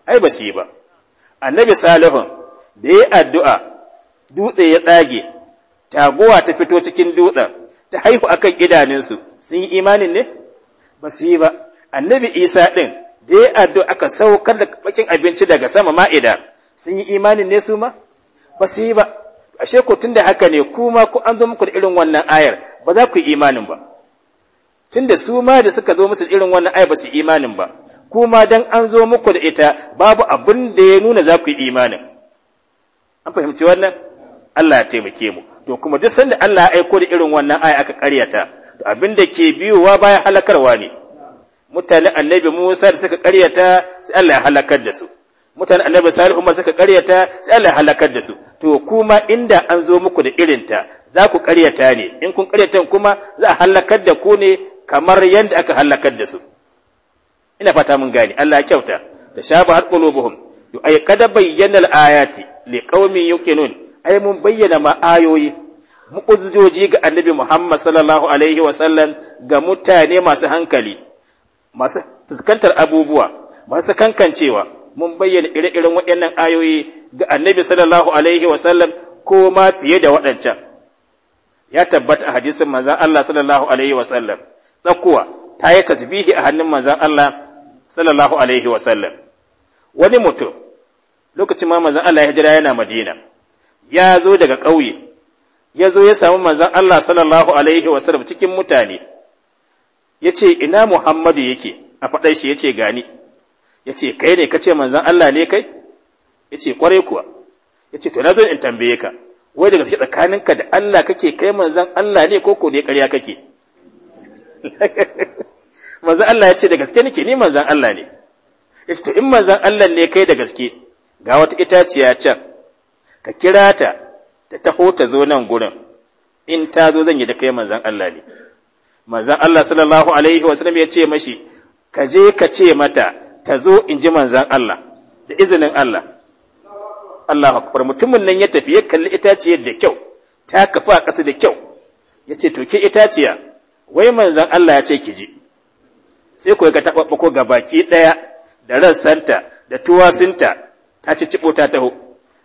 Ai, ba su yi ba. Annabi Salihun da ya addu'a, dutse ya tsage, taguwa ta fito cikin dutsen, ta haihu akan idanunsu, sun yi imanin ne? Ba su yi ba. Annabi Isa ɗin da ya addu'a aka saukar da bakin abinci daga sama ma'ida, sun yi imanin ne su ma? Ba su yi ba. ashe ko tunda haka ne kuma ku an zo muku da irin wannan ayar ba za ku yi imanin ba tunda su ma da suka zo musu irin wannan ayar ba su imanin ba kuma dan an zo muku da ita babu abin da ya nuna za ku yi imanin an fahimci wannan Allah ya taimake mu to kuma duk sanda Allah ya aiko da irin wannan aya aka karyata to abin da ke biyowa baya halakarwa ne mutane annabi Musa da suka karyata sai Allah ya halakar da su Mutane annabi salihu ma suka karyata sai Allah halakar da su to kuma inda an zo muku da irinta za ku karyata ne in kun karyata kuma za a halakar da ku ne kamar yadda aka halakar da su ina fata mun gane Allah ya kyauta ta shaba har qulubuhum yu ay kada bayyana al-ayati li qaumin yuqinun ay mun bayyana ma ayoyi mu'uzzjoji ga annabi Muhammad sallallahu alaihi wa sallam ga mutane masu hankali masu fuskantar abubuwa masu kankancewa mun bayyana ire-iren waɗannan ayoyi ga annabi sallallahu alaihi wasallam ko ma fiye da waɗancan ya tabbata a hadisin manzan Allah sallallahu alaihi wasallam tsakuwa ta yi tasbihi a hannun manzan Allah sallallahu alaihi wasallam wani mutum lokacin ma manzan Allah ya hijira yana Madina ya zo daga ƙauye ya zo ya samu manzan Allah sallallahu alaihi wasallam cikin mutane ya ce ina Muhammadu yake a faɗa shi ya ce gani ya ce kai ne ka ce manzan Allah ne kai ya ce kwarai kuwa ya ce to na zo in tambaye ka wai daga tsakaninka da Allah kake kai manzan Allah ne ko ko ne ƙarya kake manzan Allah ya ce da gaske nake ni manzan Allah ne ya ce to in manzan Allah ne kai da gaske ga wata itaciya can ka kira ta ta taho ta zo nan gurin in ta zo zan yi da kai manzan Allah ne manzan Allah sallallahu alaihi wasallam ya ce mashi ka je ka ce mata ta zo in ji manzan Allah da izinin Allah Allah akbar mutumin nan ya tafi ya kalli itaciya da kyau ta kafa a ƙasa da kyau ya ce to ke itaciya wai manzan Allah ya ce ki ji sai ku ga taɓa ko ga baki ɗaya da rassanta da tuwasinta ta ci ciɓo ta taho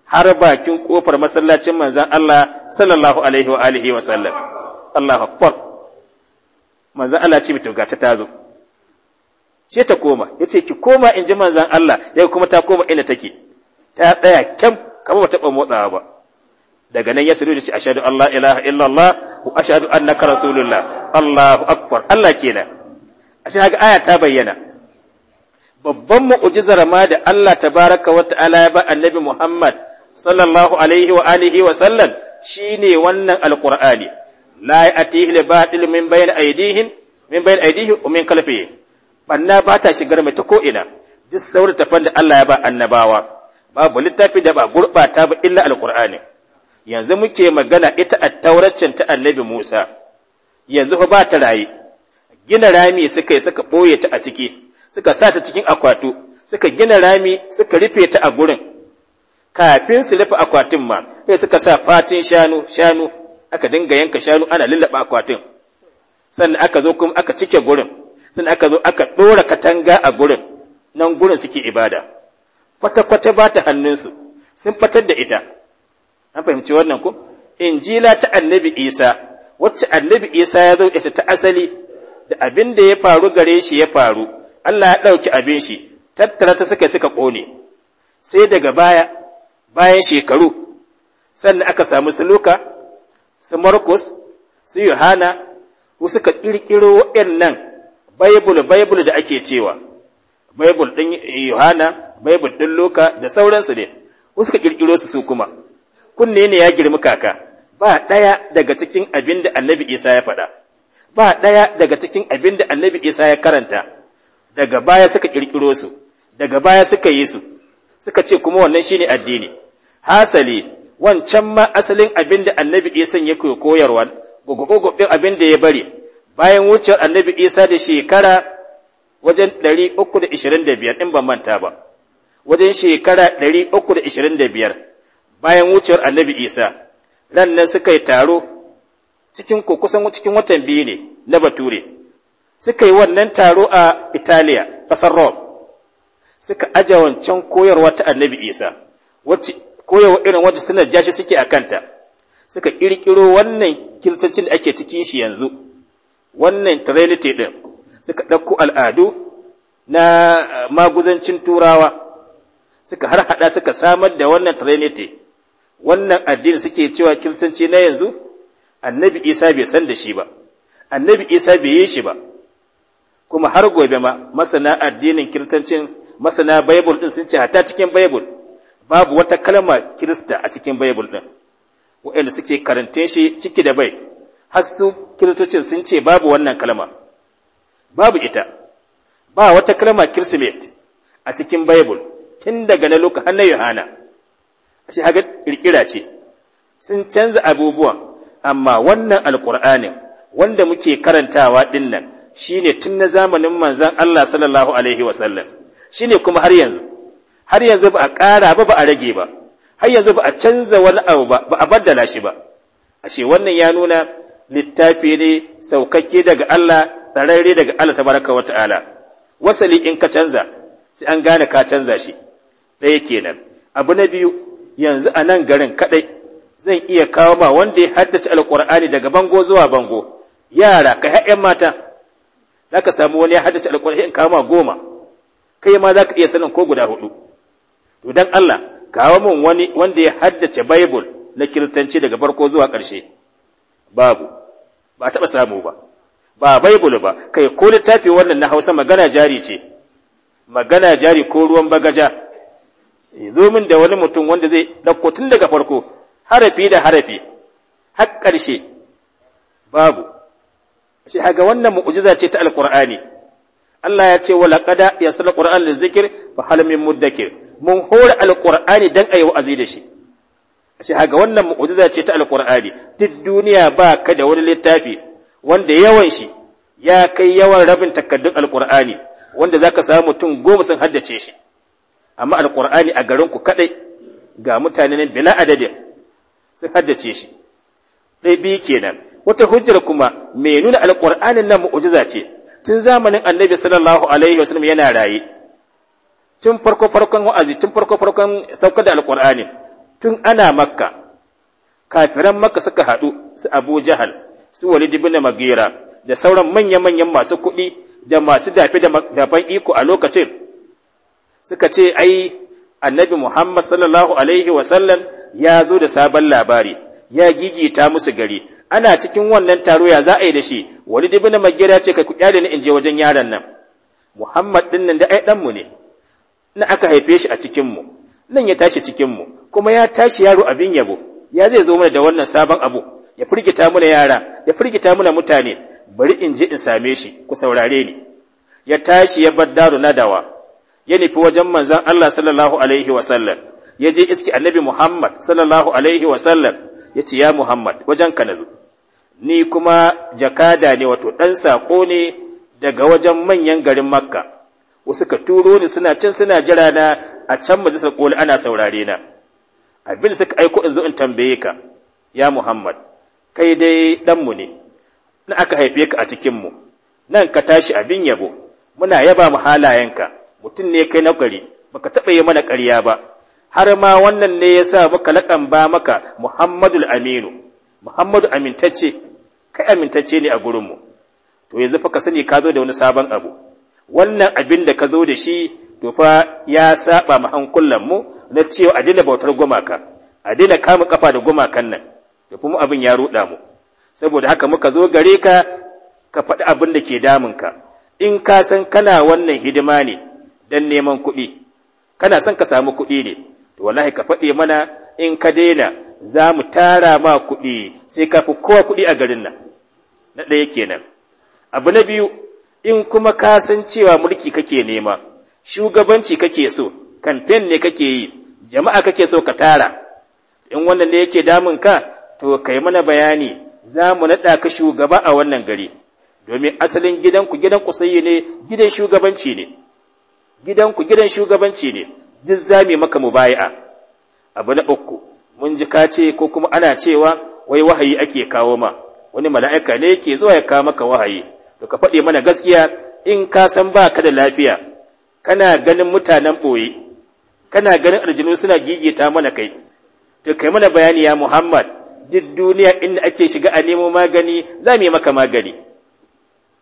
har bakin ƙofar masallacin manzan Allah sallallahu alaihi wa alihi wa sallam Allah akbar manzan Allah ce mutum ga ta tazo sai ta koma ya ce ki koma in ji manzan Allah ya kuma ta koma inda take ta tsaya kyam kama ba taɓa motsawa ba daga nan ya sirri da ce ashadu Allah ilaha illallah wa ashadu annaka rasulullah Allahu akbar Allah ke na a ce haka aya ta bayyana babban mu'jizar ma da Allah tabaraka wa ta'ala ya ba annabi Muhammad sallallahu alaihi wa alihi wa sallam shine wannan alqur'ani la ya'tihi al-batil min bayni aydihim min bayni aydihim wa min khalfihim banna ba ta shigar mai ta ko'ina duk saurin tafan da Allah ya ba annabawa babu littafi da ba gurɓata ba illa alƙur'ani yanzu muke magana ita a tauraccin ta annabi musa yanzu fa ba ta raye gina rami suka yi suka ɓoye ta a ciki suka sa ta cikin akwatu suka gina rami suka rufe ta a gurin kafin su rufe akwatin ma sai suka sa fatin shanu shanu aka dinga yanka shanu ana lullaba akwatin sannan aka zo kuma aka cike gurin sun aka zo aka ɗora katanga a gurin nan gurin suke ibada kwata-kwata ba ta hannunsu sun fatar da ita an fahimci wannan ko injila ta annabi isa wacce annabi isa ya zo ita ta asali da abin da ya faru gare shi ya faru allah ya ɗauki abin shi tattara ta suka suka ƙone sai daga baya bayan shekaru sannan aka samu su luka su markus su yohana suka ƙirƙiro waɗannan baibul baibul da ake cewa baibul ɗin yohana baibul ɗin luka da sauransu ne wasu ka ƙirƙiro su su kuma kunne ne ya girmi kaka ba ɗaya daga cikin abin da annabi isa ya faɗa ba ɗaya daga cikin abin da annabi isa ya karanta daga baya suka ƙirƙiro su daga baya suka yi su suka ce kuma wannan shine addini hasali wancan ma asalin abin da annabi isa ya koyarwa gogogogo abin da ya bari bayan wucewar annabi isa da shekara wajen 325 in ban manta ba wajen shekara 325 bayan wucewar annabi isa ran nan suka yi taro cikin kusan cikin watan biyu ne na bature suka yi wannan taro a italiya ƙasar rome suka aje wancan koyarwa ta annabi isa wacce koyarwa irin wacce suna jashi suke a kanta suka ƙirƙiro wannan kiristancin da ake cikin shi yanzu wannan trinity din suka ɗauko al'adu na eh, maguzancin turawa suka har haɗa suka samar da wannan trinity wannan addini suke cewa kiristanci na yanzu annabi isa bai san da shi ba annabi isa bai yi shi ba kuma har gobe ma masana addinin kiristancin masana bible ɗin sun ce hata cikin bible babu wata kalma kirista a cikin bible ɗin wa'anda suke karantun shi ciki da bai har su kiristocin sun ce babu wannan kalama babu ita ba wata kalama kirsimet a cikin bible tun daga na luka har na yohana shi haga kirkira ce sun canza abubuwan amma wannan alƙur'ani wanda muke karantawa din nan shine tun na zamanin manzan Allah sallallahu alaihi wasallam shine kuma har yanzu har yanzu ba a ƙara ba ba a rage ba har yanzu ba a canza wani abu ba ba a baddala shi ba ashe wannan ya nuna littafi ne saukakke daga Allah tsararre daga Allah tabaraka wa ta'ala wasali in ka canza sai an gane ka canza shi ɗaya kenan abu na biyu yanzu a nan garin kaɗai zan iya kawo ma wanda ya haddace alƙur'ani daga bango zuwa bango yara ka haɗin mata za ka samu wani ya haddace alƙur'ani in kawo ma goma kai ma za ka iya sanin ko guda hudu to dan Allah kawo min wani wanda ya haddace bible na kiristanci daga farko zuwa ƙarshe babu ba taɓa samu ba ba baibul ba kai ko littafi wannan na hausa magana jari ce magana jari ko ruwan bagaja zo min da wani mutum wanda zai ɗauko tun daga farko harafi da harafi har ƙarshe babu shi haga wannan mu'ujiza ce ta alqur'ani Allah ya ce wala qada yasal qur'an lizikr fa hal min muddakir mun hore alqur'ani dan ayi wa'azi da shi ce haga wannan mu'jiza ce ta alqur'ani duk duniya ba ka da wani littafi wanda yawan shi ya kai yawan rabin takaddun alqur'ani wanda zaka samu mutum goma sun haddace shi amma alqur'ani a garin ku kadai ga mutane bila adadin sun haddace shi dai bi kenan wata hujjar kuma mai nuna alqur'anin nan mu'jiza ce tun zamanin annabi sallallahu alaihi wasallam yana raye tun farko farkon wa'azi tun farko farkon saukar da alqur'ani tun ana makka kafiran makka suka haɗu su abu jahal su walid ibn magira da sauran manya-manyan masu kuɗi da masu da dafan iko a lokacin suka ce ai annabi muhammad sallallahu alaihi wasallam ya zo da sabon labari ya gigita musu gari ana cikin wannan taro ya za a yi da shi walid ibn magira ce ka ku kyale ni in je wajen yaron nan muhammad ɗin nan da ai mu ne na aka haife shi a cikinmu nan ya tashi cikinmu kuma ya tashi yaro abin yabo ya zai zo mana da wannan sabon abu ya firgita mana yara ya firgita mana mutane bari in je in same shi ku saurare ni ya tashi ya bar na dawa ya nufi wajen manzon Allah sallallahu alaihi wa ya je iski annabi Muhammad sallallahu alaihi wa ya ce ya Muhammad wajen ka nazo ni kuma jakada ne wato dan sako ne daga wajen manyan garin Makka wasu ka turo ni suna can suna jira na a can majalisar koli ana saurare na abin suka aiko in zo in tambaye ka ya muhammad kai dai ɗanmu ne na aka haife ka a cikinmu nan ka tashi abin yabo muna yaba mu halayenka mutum ne kai na kwari baka taɓa yi mana ƙarya ba har ma wannan ne ya sa muka laƙan ba maka muhammadul aminu muhammadu amintacce kai amintacce ne a gurinmu to yanzu fa ka sani ka zo da wani sabon abu wannan abin da ka zo da shi to fa ya saba mu hankulan mu na cewa a daina bautar gumaka a daina kama kafa da gumakan nan to kuma abin ya ruɗa mu saboda haka muka zo gare ka ka faɗi abin da ke damun ka in ka san kana wannan hidima ne dan neman kuɗi kana san ka samu kuɗi ne to wallahi ka faɗi mana in ka daina za mu tara ma kuɗi sai ka fi kowa kuɗi a garin nan na ɗaya kenan abu na biyu in kuma ka san cewa mulki kake nema shugabanci kake so kamfen ne kake yi jama'a kake so ka tara in wannan ne yake damun ka to kai mana bayani za mu naɗa ka shugaba a wannan gari domin asalin gidanku gidan kusayi ne gidan shugabanci ne gidanku gidan shugabanci ne duk za mu maka mubaya'a abu na uku mun ji ka ce ko kuma ana cewa wai wahayi ake kawo ma wani mala'ika ne yake zuwa ya kawo maka wahayi to ka faɗi mana gaskiya in ka san ba ka da lafiya kana ganin mutanen ɓoye kana ganin arjinu suna gigita mana kai to kai mana bayani ya muhammad duk duniya inda ake shiga a nemo magani za mu yi maka magani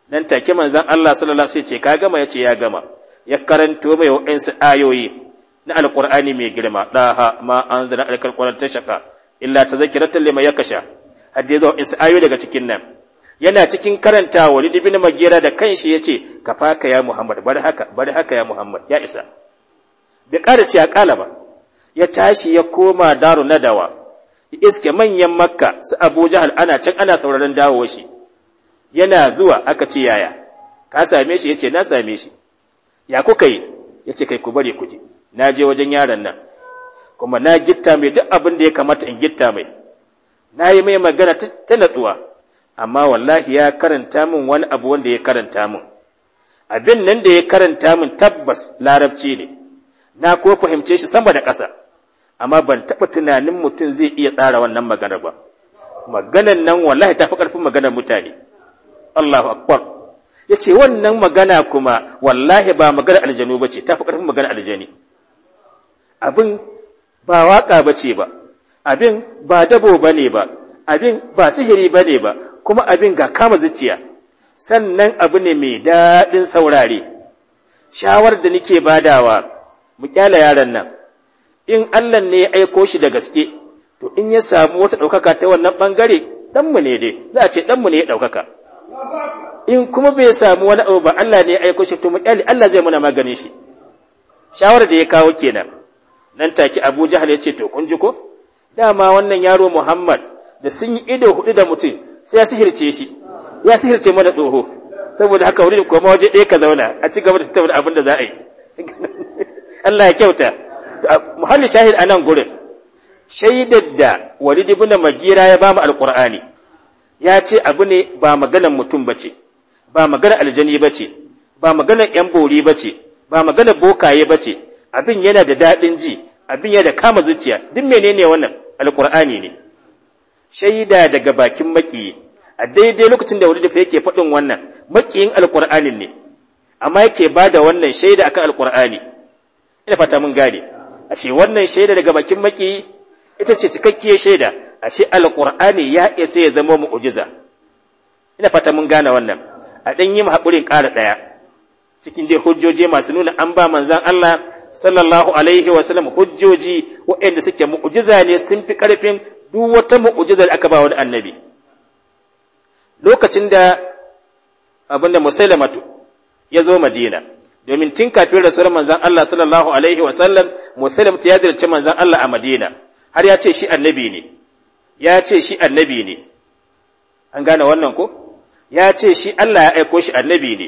nan take manzan Allah sallallahu alaihi wasallam ce ka gama yace ya gama ya karanto mai wa'ansu ayoyi na alqur'ani mai girma daha ma anzala ta tashaka illa tazkiratan liman yakasha hadde zo wa'ansu ayoyi daga cikin nan yana cikin karanta Walid ibn Magira da kanshi yace ka faka ya Muhammad bar haka bar haka ya Muhammad ya isa bai ƙara ce akala ba ya tashi ya koma daru nadawa iske manyan makka su Abu Jahal ana can ana sauraron dawowar shi yana zuwa aka ce yaya ka same shi yace na same shi ya kuka yi yace kai ku bari ku je na je wajen yaron nan kuma na gitta mai duk abin da ya kamata in gitta mai na yi mai magana ta natsuwa amma wallahi ya karanta min wani abu wanda ya karanta min abin nan da ya karanta min tabbas larabci ne na ko fahimce shi sama da ƙasa amma ban taɓa tunanin mutum zai iya tsara wannan magana ba maganar nan wallahi ta fi ƙarfin maganar mutane Allahu akbar ya ce wannan magana kuma wallahi ba maganar aljanu ba ce ta fi ƙarfin maganar aljani abin ba waka bace ce ba abin ba dabo ba ne ba abin ba sihiri ba ne ba kuma abin ga kama zuciya sannan abu ne mai daɗin saurare shawar da nike badawa mu kyala yaran nan in Allah ne ya aiko shi da gaske to in ya samu wata ɗaukaka ta wannan ɓangare ɗanmu ne dai za a ce ɗanmu ne ya ɗaukaka in kuma bai samu wani abu ba Allah ne ya aiko shi to mu kyale Allah zai muna maganin shi shawar da ya kawo kenan nan take Abu Jahal ya ce to kun ji ko dama wannan yaro Muhammad da sun yi ido hudu da mutum sai ya sihirce shi ya sihirce mana tsoho saboda haka wurin koma waje ɗaya ka zauna a ci gaba da tattauna abin da za a yi Allah ya kyauta muhalli shahid a nan gurin shaidar da wani dubu na magira ya ba mu alƙur'ani ya ce abu ne ba maganar mutum bace ba maganar aljani bace ba maganar yan bori bace ba maganar bokaye bace abin yana da daɗin ji abin yana da kama zuciya duk menene wannan alƙur'ani ne shaida daga bakin makiyi a daidai lokacin da wani dafa yake faɗin wannan makiyin alƙur'anin ne amma yake ba da wannan shaida akan alƙur'ani ina fata mun gane a ce wannan shaida daga bakin makiyi ita ce cikakkiyar shaida a ce alƙur'ani ya isa ya zama mu'ujiza ina fata mun gane wannan a ɗan yi haƙurin ƙara ɗaya cikin dai hujjoji masu nuna an ba manzan Allah sallallahu alaihi wasallam hujjoji waɗanda suke mu'ujiza ne sun fi ƙarfin duk wata mu'ujizar aka ba wani annabi lokacin da abinda musailamatu ya zo madina domin tun kafin rasuwar manzan Allah sallallahu alaihi wa sallam musailamatu ya zirce manzan Allah a madina har ya ce shi annabi ne ya ce shi annabi ne an gane wannan ko ya ce shi Allah ya aiko shi annabi ne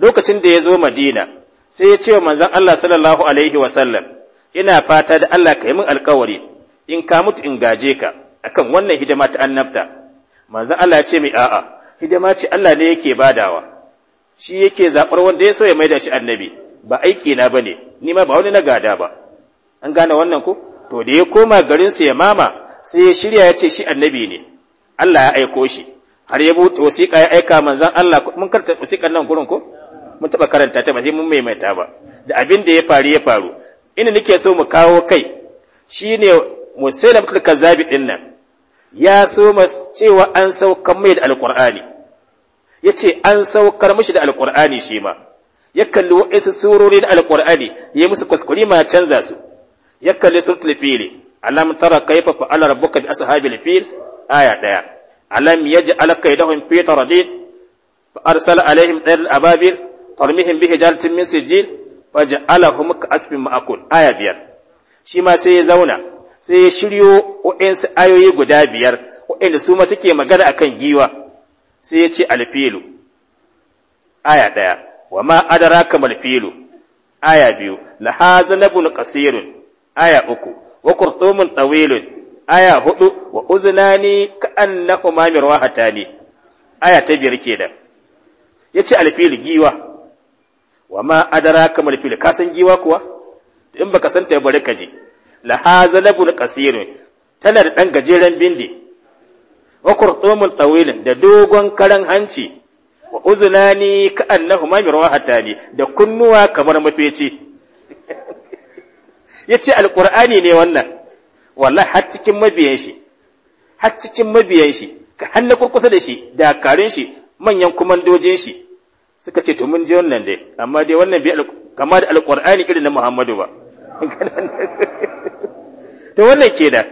lokacin da ya zo madina sai ya ce wa manzan Allah sallallahu alaihi wa sallam ina fata da Allah ka yi min alkawari in ka mutu in gaje ka akan wannan hidima ta annabta manzo Allah ya ce mai a'a hidima ce Allah ne yake badawa shi yake zabar wanda ya so ya maida shi annabi ba aiki na bane ni ma ba wani na gada ba an gane wannan ko to da ya koma garin su ya mama sai ya shirya ya ce shi annabi ne Allah ya aiko shi har ya buɗe wasiƙa ya aika manzon Allah mun karanta wasiƙan nan gurin ko mun taɓa karanta ta ba sai mun maimaita ba da abin da ya faru ya faru ina nake so mu kawo kai shine musulun kazabi ɗin nan ya so cewa an saukar mai da alkur'ani ya ce an saukar mashi da alkur'ani shi ma ya kalli waɗansu surori da alkur'ani ya yi musu kuskure ma canza su ya kalli suratul fili alam tara kaifa fa'ala rabbuka bi ashabil fil aya ɗaya alam yaj'al kaydahum fi taradid fa arsala alaihim ɗayar ababil tarmihim bi hijalatin min sijil faj'alahum ka'asfin ma'akul aya biyar shi ma sai ya zauna sai ya shiryo waɗansu ayoyi guda biyar waɗanda su ma suke magana kan giwa sai ya ce alfilu aya ɗaya wa ma adara ka malfilu aya biyu lahazanabun qasirun aya uku wa qurtumun tawilun aya hudu wa umamir wahata ne aya ta biyar ke da. Ya yace alfilu giwa wa ma adara ka fil ka san giwa kuwa in baka san ta bari ka je lahaza labul qasirun tana da ɗan gajeren bindi wa kurtumun tawilin da dogon karan hanci wa uzunani ka annahu ma mirwahata ne da kunnuwa kamar mafeci yace alqur'ani ne wannan wallahi har cikin mabiyan shi har cikin mabiyan shi ka hanna kurkusa da shi karin shi manyan kumandojin shi suka ce to mun ji wannan dai amma dai wannan bai kama da alqur'ani irin na Muhammadu ba ta wannan ke da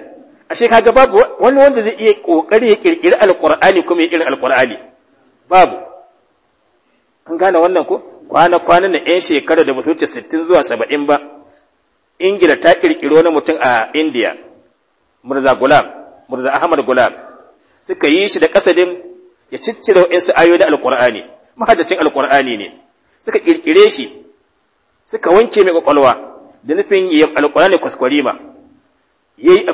ashe kaga babu wani wanda zai iya kokari ya kirkiri alqur'ani kuma ya irin alqur'ani babu an gane wannan ko kwana kwana na yan shekara da ba ce 60 zuwa 70 ba ingila ta kirkiri wani mutum a india murza gulam murza ahmad gulam suka yi shi da kasadin ya ciccire wa'insu ayoyi da alqur'ani mahadacin alqur'ani ne suka kirkire shi suka wanke mai kwakwalwa da nufin ya alƙur'ani kwaskwarima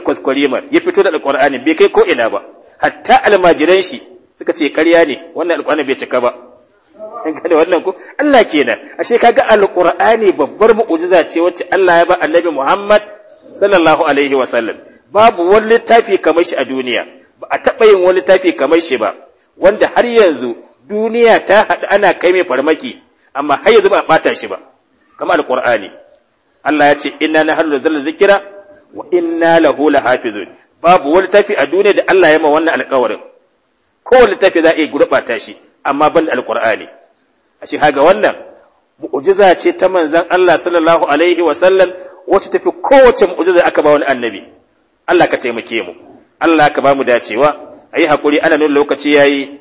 kwaskwari ma ya fito da alƙur'ani bai kai ko ina ba hatta almajiran shi suka ce ƙarya ne wannan alƙur'ani bai cika ba in gane wannan ko Allah kenan ashe kaga alƙur'ani babbar mu'jiza ce wacce Allah ya ba annabi Muhammad sallallahu alaihi wa sallam babu wani littafi kamar shi a duniya ba a taɓa yin wani littafi kamar shi ba wanda har yanzu duniya ta haɗu ana kai mai farmaki amma har yanzu ba a ɓata shi ba kamar alƙur'ani Allah ya ce inna na hannu zalla zikira wa inna lahu lahafizun babu wani tafi a duniya da Allah ya ma wannan alƙawarin Ko wani tafi za a iya gurɓata shi amma ban da alƙur'ani a shi haga wannan mu'jiza ce ta manzon Allah sallallahu alaihi wa sallam wacce tafi kowace mu'jiza aka ba wani annabi Allah ka taimake mu Allah ka ba mu dacewa ayi hakuri ana nuna lokaci yayi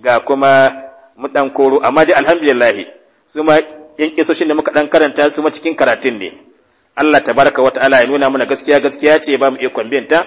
ga kuma mu dan koro amma dai alhamdulillah su ma yan kisoshin da muka dan karanta su ma cikin karatun ne Allah tabaraka wa ta'ala ya nuna mana gaskiya gaskiya ce ba mu ikon binta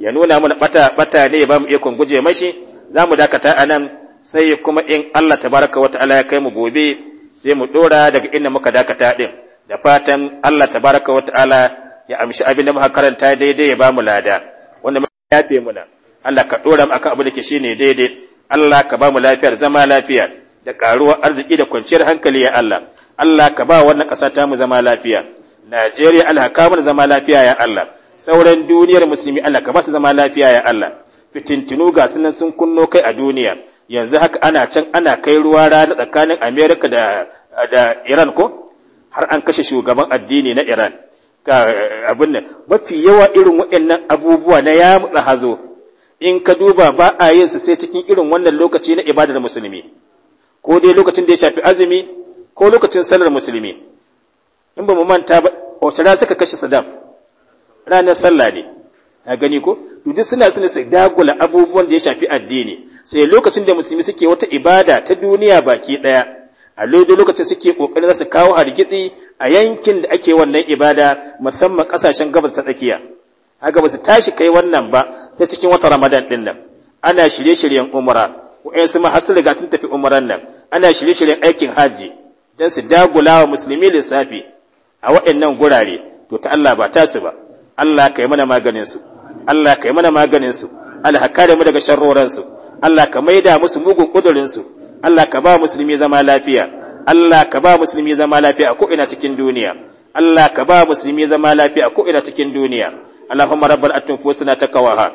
ya nuna mana bata bata ne ba mu ikon guje mashi za mu dakata nan sai kuma in Allah tabaraka wa ta'ala ya kai mu gobe sai mu dora daga inda muka dakata din da fatan Allah tabaraka wa ta'ala ya amshi abin da muka karanta daidai ya ba mu lada wanda muka yafe muna Allah ka dora mu akan abu da ke shine daidai Allah ka ba mu lafiyar zama lafiya da karuwar arziki da kwanciyar hankali ya Allah Allah ka ba wannan ƙasa ta mu zama lafiya Najeriya Allah ka mana zama lafiya ya Allah sauran duniyar musulmi Allah ka ba su zama lafiya ya Allah fitintinu ga sunan sun kunno kai a duniya yanzu haka ana can ana kai ruwa rana tsakanin Amerika da da Iran ko har an kashe shugaban addini na Iran ka eh, abin nan mafi yawa irin waɗannan abubuwa na ya mutsa hazo in ka duba ba a yin su sai cikin irin wannan lokaci na ibadar musulmi ko dai lokacin da ya shafi azumi ko lokacin sallar musulmi in ba mu manta ba wata rana suka kashe Saddam ranar sallah ne a gani ko duk suna suna su dagula abubuwan da ya shafi addini sai lokacin da musulmi suke wata ibada ta duniya baki daya a lokacin lokacin suke kokarin za su kawo hargitsi a yankin da ake wannan ibada musamman kasashen gabas ta tsakiya haka ba su tashi kai wannan ba sai cikin wata ramadan din nan ana shirye-shiryen umra wa'yansu ma har riga sun tafi umran nan ana shirye-shiryen aikin hajji don su dagula wa musulmi lissafi a waɗannan gurare to ta Allah ba ta su ba Allah ka yi mana maganin su Allah ka yi mana maganin su Allah ka kare mu daga sharroran su Allah ka maida musu mugun kudurin su Allah ka ba musulmi zama lafiya Allah ka ba musulmi zama lafiya a ko'ina cikin duniya Allah ka ba musulmi zama lafiya a ko'ina cikin duniya Allahumma rabbal atufusina takawaha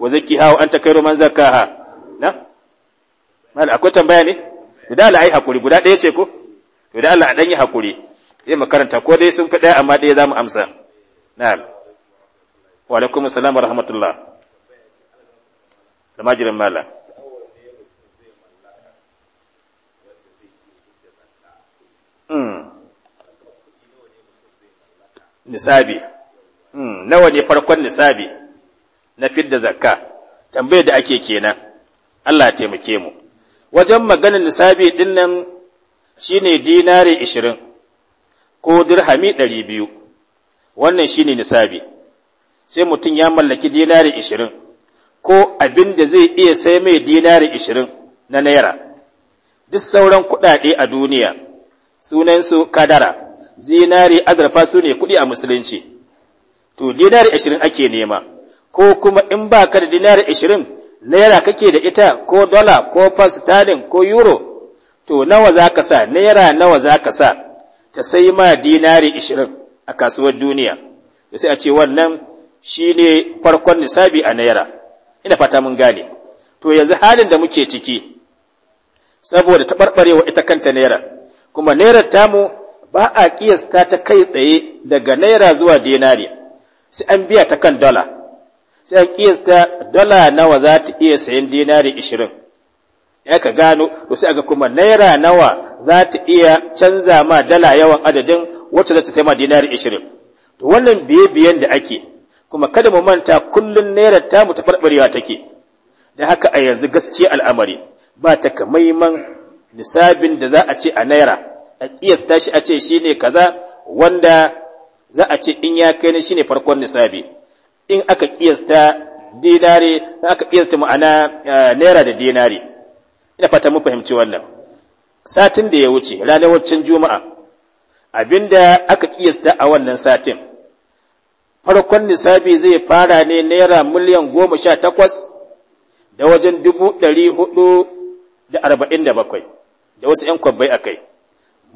wa zakkiha wa anta khairu man zakkaha na mal akwai tambaya ne da la ai hakuri guda ɗaya ce ko to da Allah a dan yi hakuri zai makaranta ko dai sun fi ɗaya amma ɗaya za mu amsa na'am wa alaikum assalam wa rahmatullah da majirin mala hmm. nisabi hmm. nawa ne farkon nisabi na fidda zakka tambayar da ake kenan Allah ya taimake mu wajen maganar nisabi din nan Shi ne dinari ishirin ko dirhami ɗari biyu wannan shine nisabi sai mutum ya mallaki dinari ishirin ko abin da zai iya sai mai dinari ishirin na naira duk sauran kuɗaɗe a duniya sunansu kadara zinari azurfa su ne kuɗi a musulunci to dinari ashirin ake nema ko kuma in ba ka da dinari ishirin naira kake da ita ko dola ko fasitalin ko euro to nawa za ka sa naira nawa za ka sa ta sai ma dinari ishirin a kasuwar duniya da sai a ce wannan shi ne farkon nisabi a naira ina fata mun gane to yanzu halin da muke ciki saboda taɓarɓarewa ita kanta naira kuma naira tamu ba a ƙiyasta ta kai tsaye daga naira zuwa dinari sai an biya ta kan dala sai an ƙiyasta dala nawa za ta iya sayan dinari ishirin ka gano to sai aga kuma naira nawa za ta iya canza ma dala yawan adadin wacce za ta sai ma dinari 20 to wannan biye-biyen da ake kuma kada mu manta kullum naira ta mu tafarbarewa take da haka a yanzu gaskiya al'amari ba ta takamaiman nisabin da za a ce a naira a ƙiyasta shi a ce shine kaza wanda za a ce in ya kai ne shine farkon nisabi in aka kiyasta dinari aka kiyasta ma'ana eh, naira da dinari. ina fata mu fahimci wannan satin da ya wuce ranar waccan juma'a abinda aka kiyasta a wannan satin farkon nisabi zai fara ne naira miliyan goma sha takwas da wajen dubu ɗari hudu da arba'in da bakwai da wasu ‘yan kwabbai a kai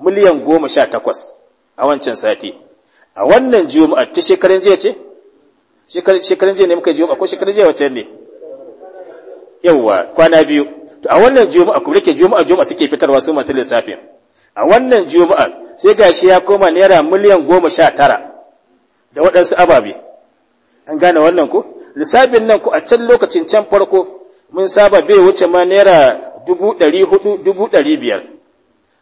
miliyan goma sha takwas a wancan sati a wannan juma'a ta shekarun jiya ce shekarun jiya ne muka yi juma'a ko shekarun jiya wacce ne yauwa kwana biyu to a wannan juma'a kuma yake juma'a juma'a suke fitarwa su masu lissafin a wannan juma'a sai gashi ya koma naira miliyan goma sha tara da waɗansu ababe an gane wannan ko lissafin nan ku a can lokacin can farko mun saba bai wuce ma naira dubu ɗari hudu dubu ɗari biyar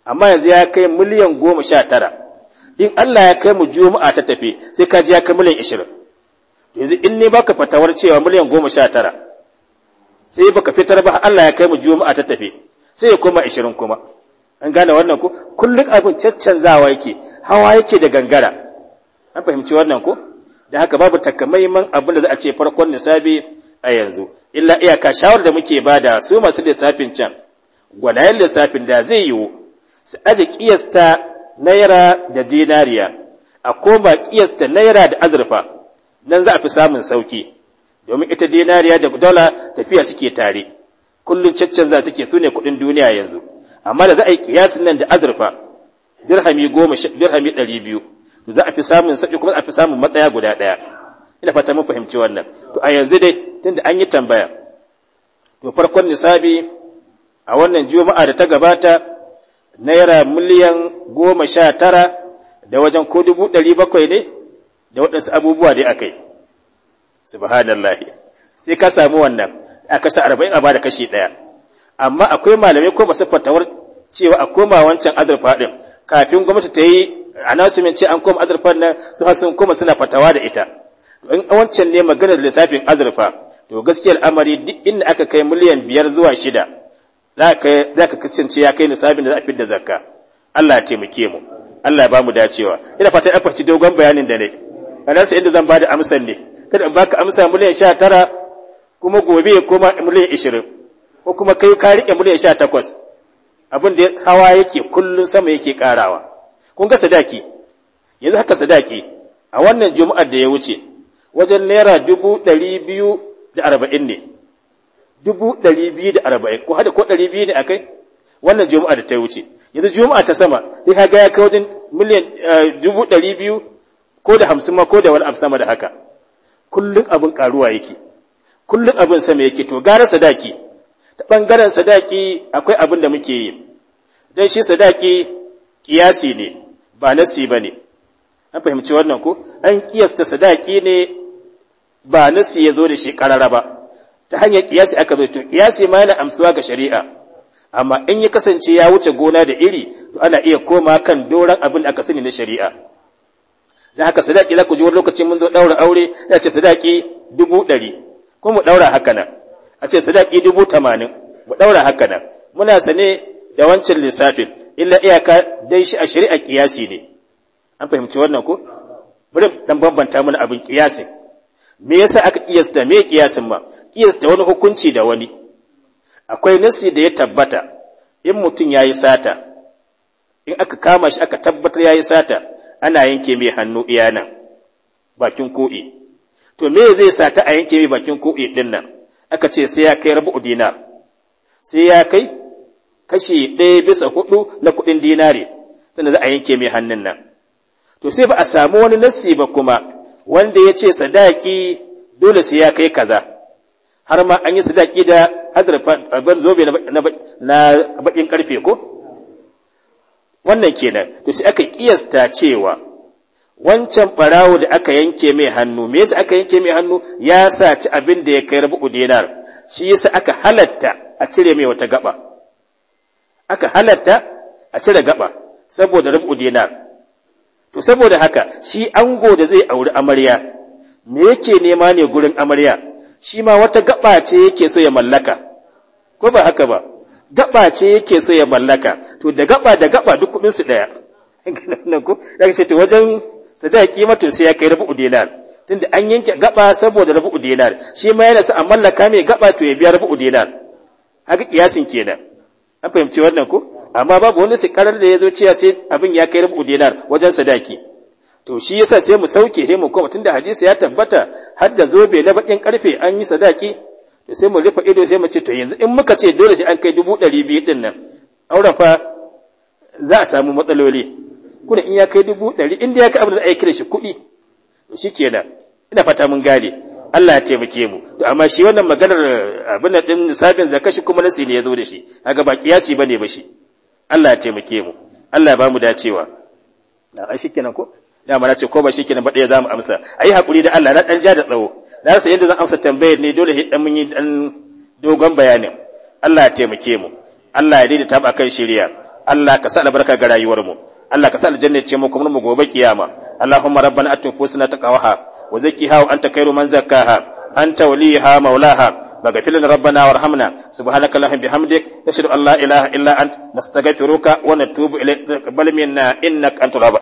amma yanzu ya kai miliyan goma sha tara in Allah ya kai mu juma'a ta tafi sai ka ji ya kai miliyan ashirin, yanzu in ne baka fatawar cewa miliyan goma sha tara sai baka fitar ba Allah ya kai mu juma'a ta tafi sai ya koma 20 kuma an gane wannan ko kullun abin caccanzawa yake hawa yake da gangara an fahimci wannan ko da haka babu takamaiman abin da za a ce farkon nisabi a yanzu illa iyaka shawar da muke bada su masu lissafin can gwanayen lissafin da zai yiwu su aje kiyasta naira da dinariya a koma kiyasta naira da azurfa nan za a fi samun sauki domin ita dinariya da dala tafiya suke tare kullun caccanza suke su ne kuɗin duniya yanzu amma da za a yi kiyasin nan da azurfa dirhami goma dirhami ɗari biyu to za a fi samun saɓi kuma a fi samun matsaya guda ɗaya ina fata mun fahimci wannan to a yanzu dai tun da an yi tambaya to farkon nisabi a wannan juma'a da ta gabata naira miliyan goma sha tara da wajen ko dubu ɗari bakwai ne da waɗansu abubuwa dai akai kai subhanallahi sai ka samu wannan a kashe arba'in a ba da kashi ɗaya amma akwai malamai ko masu fatawar cewa a koma wancan azurfa ɗin kafin gwamnati ta yi announcement ce an koma azurfa nan su sun koma suna fatawa da ita in wancan ne maganar lissafin azurfa to gaskiyar amari duk inda aka kai miliyan biyar zuwa shida za ka kasance ya kai lissafin da za a fidda zakka Allah ya taimake mu Allah ya ba mu dacewa ina fatan an fahimci dogon bayanin da ne a nan sai inda zan ba da amsar ne kada in baka amsa miliyan sha tara kuma gobe ya koma miliyan ishirin ko kuma kai ka riƙe miliyan sha takwas abin da hawa yake kullum sama yake ƙarawa kun ga sadaki yanzu haka sadaki a wannan juma'ar da ya wuce wajen naira dubu ɗari biyu da arba'in ne dubu ɗari biyu da arba'in ko hada ko ɗari biyu ne a kai wannan juma'a da ta wuce yanzu juma'a ta sama sai ka ga ya kai wajen miliyan eh, dubu ɗari biyu ko da hamsin ma ko da wani abu sama da haka kullum abin karuwa yake kullum abin sama yake to gara sadaki ta bangaren sadaki akwai abin da muke yi don shi sadaki kiyasi ne ba nasi ne an fahimci wannan ko an kiyasta sadaki ne ba nasi ya zo da shi karara ba ta hanyar kiyasi aka zo to kiyasi ma yana amsuwa ga shari'a amma in ya kasance ya wuce gona da iri to ana iya koma kan doron abin da aka sani na shari'a da haka sadaki za ku ji wani lokaci mun zo ɗaura aure ya ce sadaki dubu ɗari ko mu ɗaura haka nan a ce sadaki dubu tamanin mu ɗaura haka nan muna sane da wancan lissafin illa iyaka dai shi a shari'a kiyasi ne an fahimci wannan ko bari dan bambanta mana abin kiyasin me yasa aka kiyasta me kiyasin ma kiyasta wani hukunci da wani akwai nasi da ya tabbata in mutum yayi sata in aka kama shi aka tabbatar ya yi sata ana yanke mai hannu iya nan bakin ko'i to me zai sa ta a yanke mai bakin ko'i din nan aka ce sai ya kai rabu dinar sai ya kai kashi ɗaya bisa hudu na kuɗin dinari sannan za a yanke mai hannun nan to sai ba a samu wani nassi ba kuma wanda ya ce sadaki dole sai ya kai kaza har ma an yi sadaki da azurfa zobe na baƙin ƙarfe ko wannan kenan to sai aka kiyasta cewa wancan barawo da aka yanke mai hannu me yasa aka yanke mai hannu ya saci abin da ya kai rubu dinar shi yasa aka halatta a cire mai wata gaba aka halatta a cire gaba saboda rubu dinar to saboda haka shi ango da zai auri amarya me yake nema ne gurin amarya shi ma wata gaba ce yake so ya mallaka ko ba haka ba gaba ce yake so ya mallaka to da gaba da gaba duk kuɗin su ɗaya daga ce to wajen sadaki matun sai ya kai rabu dinar tunda an yanke gaba saboda rubu dinar shi ma yana sa a mallaka mai gaba to ya biya rabu dinar haka kiyasin kenan an fahimci wannan ko amma babu wani sikarar da ya zo cewa sai abin ya kai rubu dinar wajen sadaki to shi yasa sai mu sauke sai mu koma tunda hadisi ya tabbata har da zobe na bakin karfe an yi sadaki to sai mu rufe ido sai mu ce to yanzu in muka ce dole sai an kai dubu ɗari biyu din nan auren fa za a samu matsaloli kuna in ya kai dubu ɗari inda ya kai abin da za a yi kira shi kuɗi shi kenan ina fata mun gane Allah ya taimake mu to amma shi wannan maganar eh, abin da din sabin zakka shi kuma nasi ne ya zo da shi kaga ba kiyasi bane ba shi Allah ya taimake mu Allah ya ba mu dacewa ai shikenan ko da mana ce ko ba shikenan ba ɗaya zamu amsa ai hakuri da Allah na dan ja da tsawo na san yadda zan amsa tambayar ne dole sai dan mun yi dan dogon bayanin Allah ya taimake mu Allah ya daidaita mu akan shari'a Allah ka sa albarka ga rayuwar mu Allah ka sa aljanna ce mu kuma mu gobe kiyama Allahumma rabbana atina fusana taqwaha wa zakkiha wa anta khairu man zakkaha anta waliha maulaha maghfir lana rabbana warhamna subhanaka allahumma bihamdik ashhadu an la ilaha illa anta nastaghfiruka wa natubu ilayk taqabbal minna innaka antal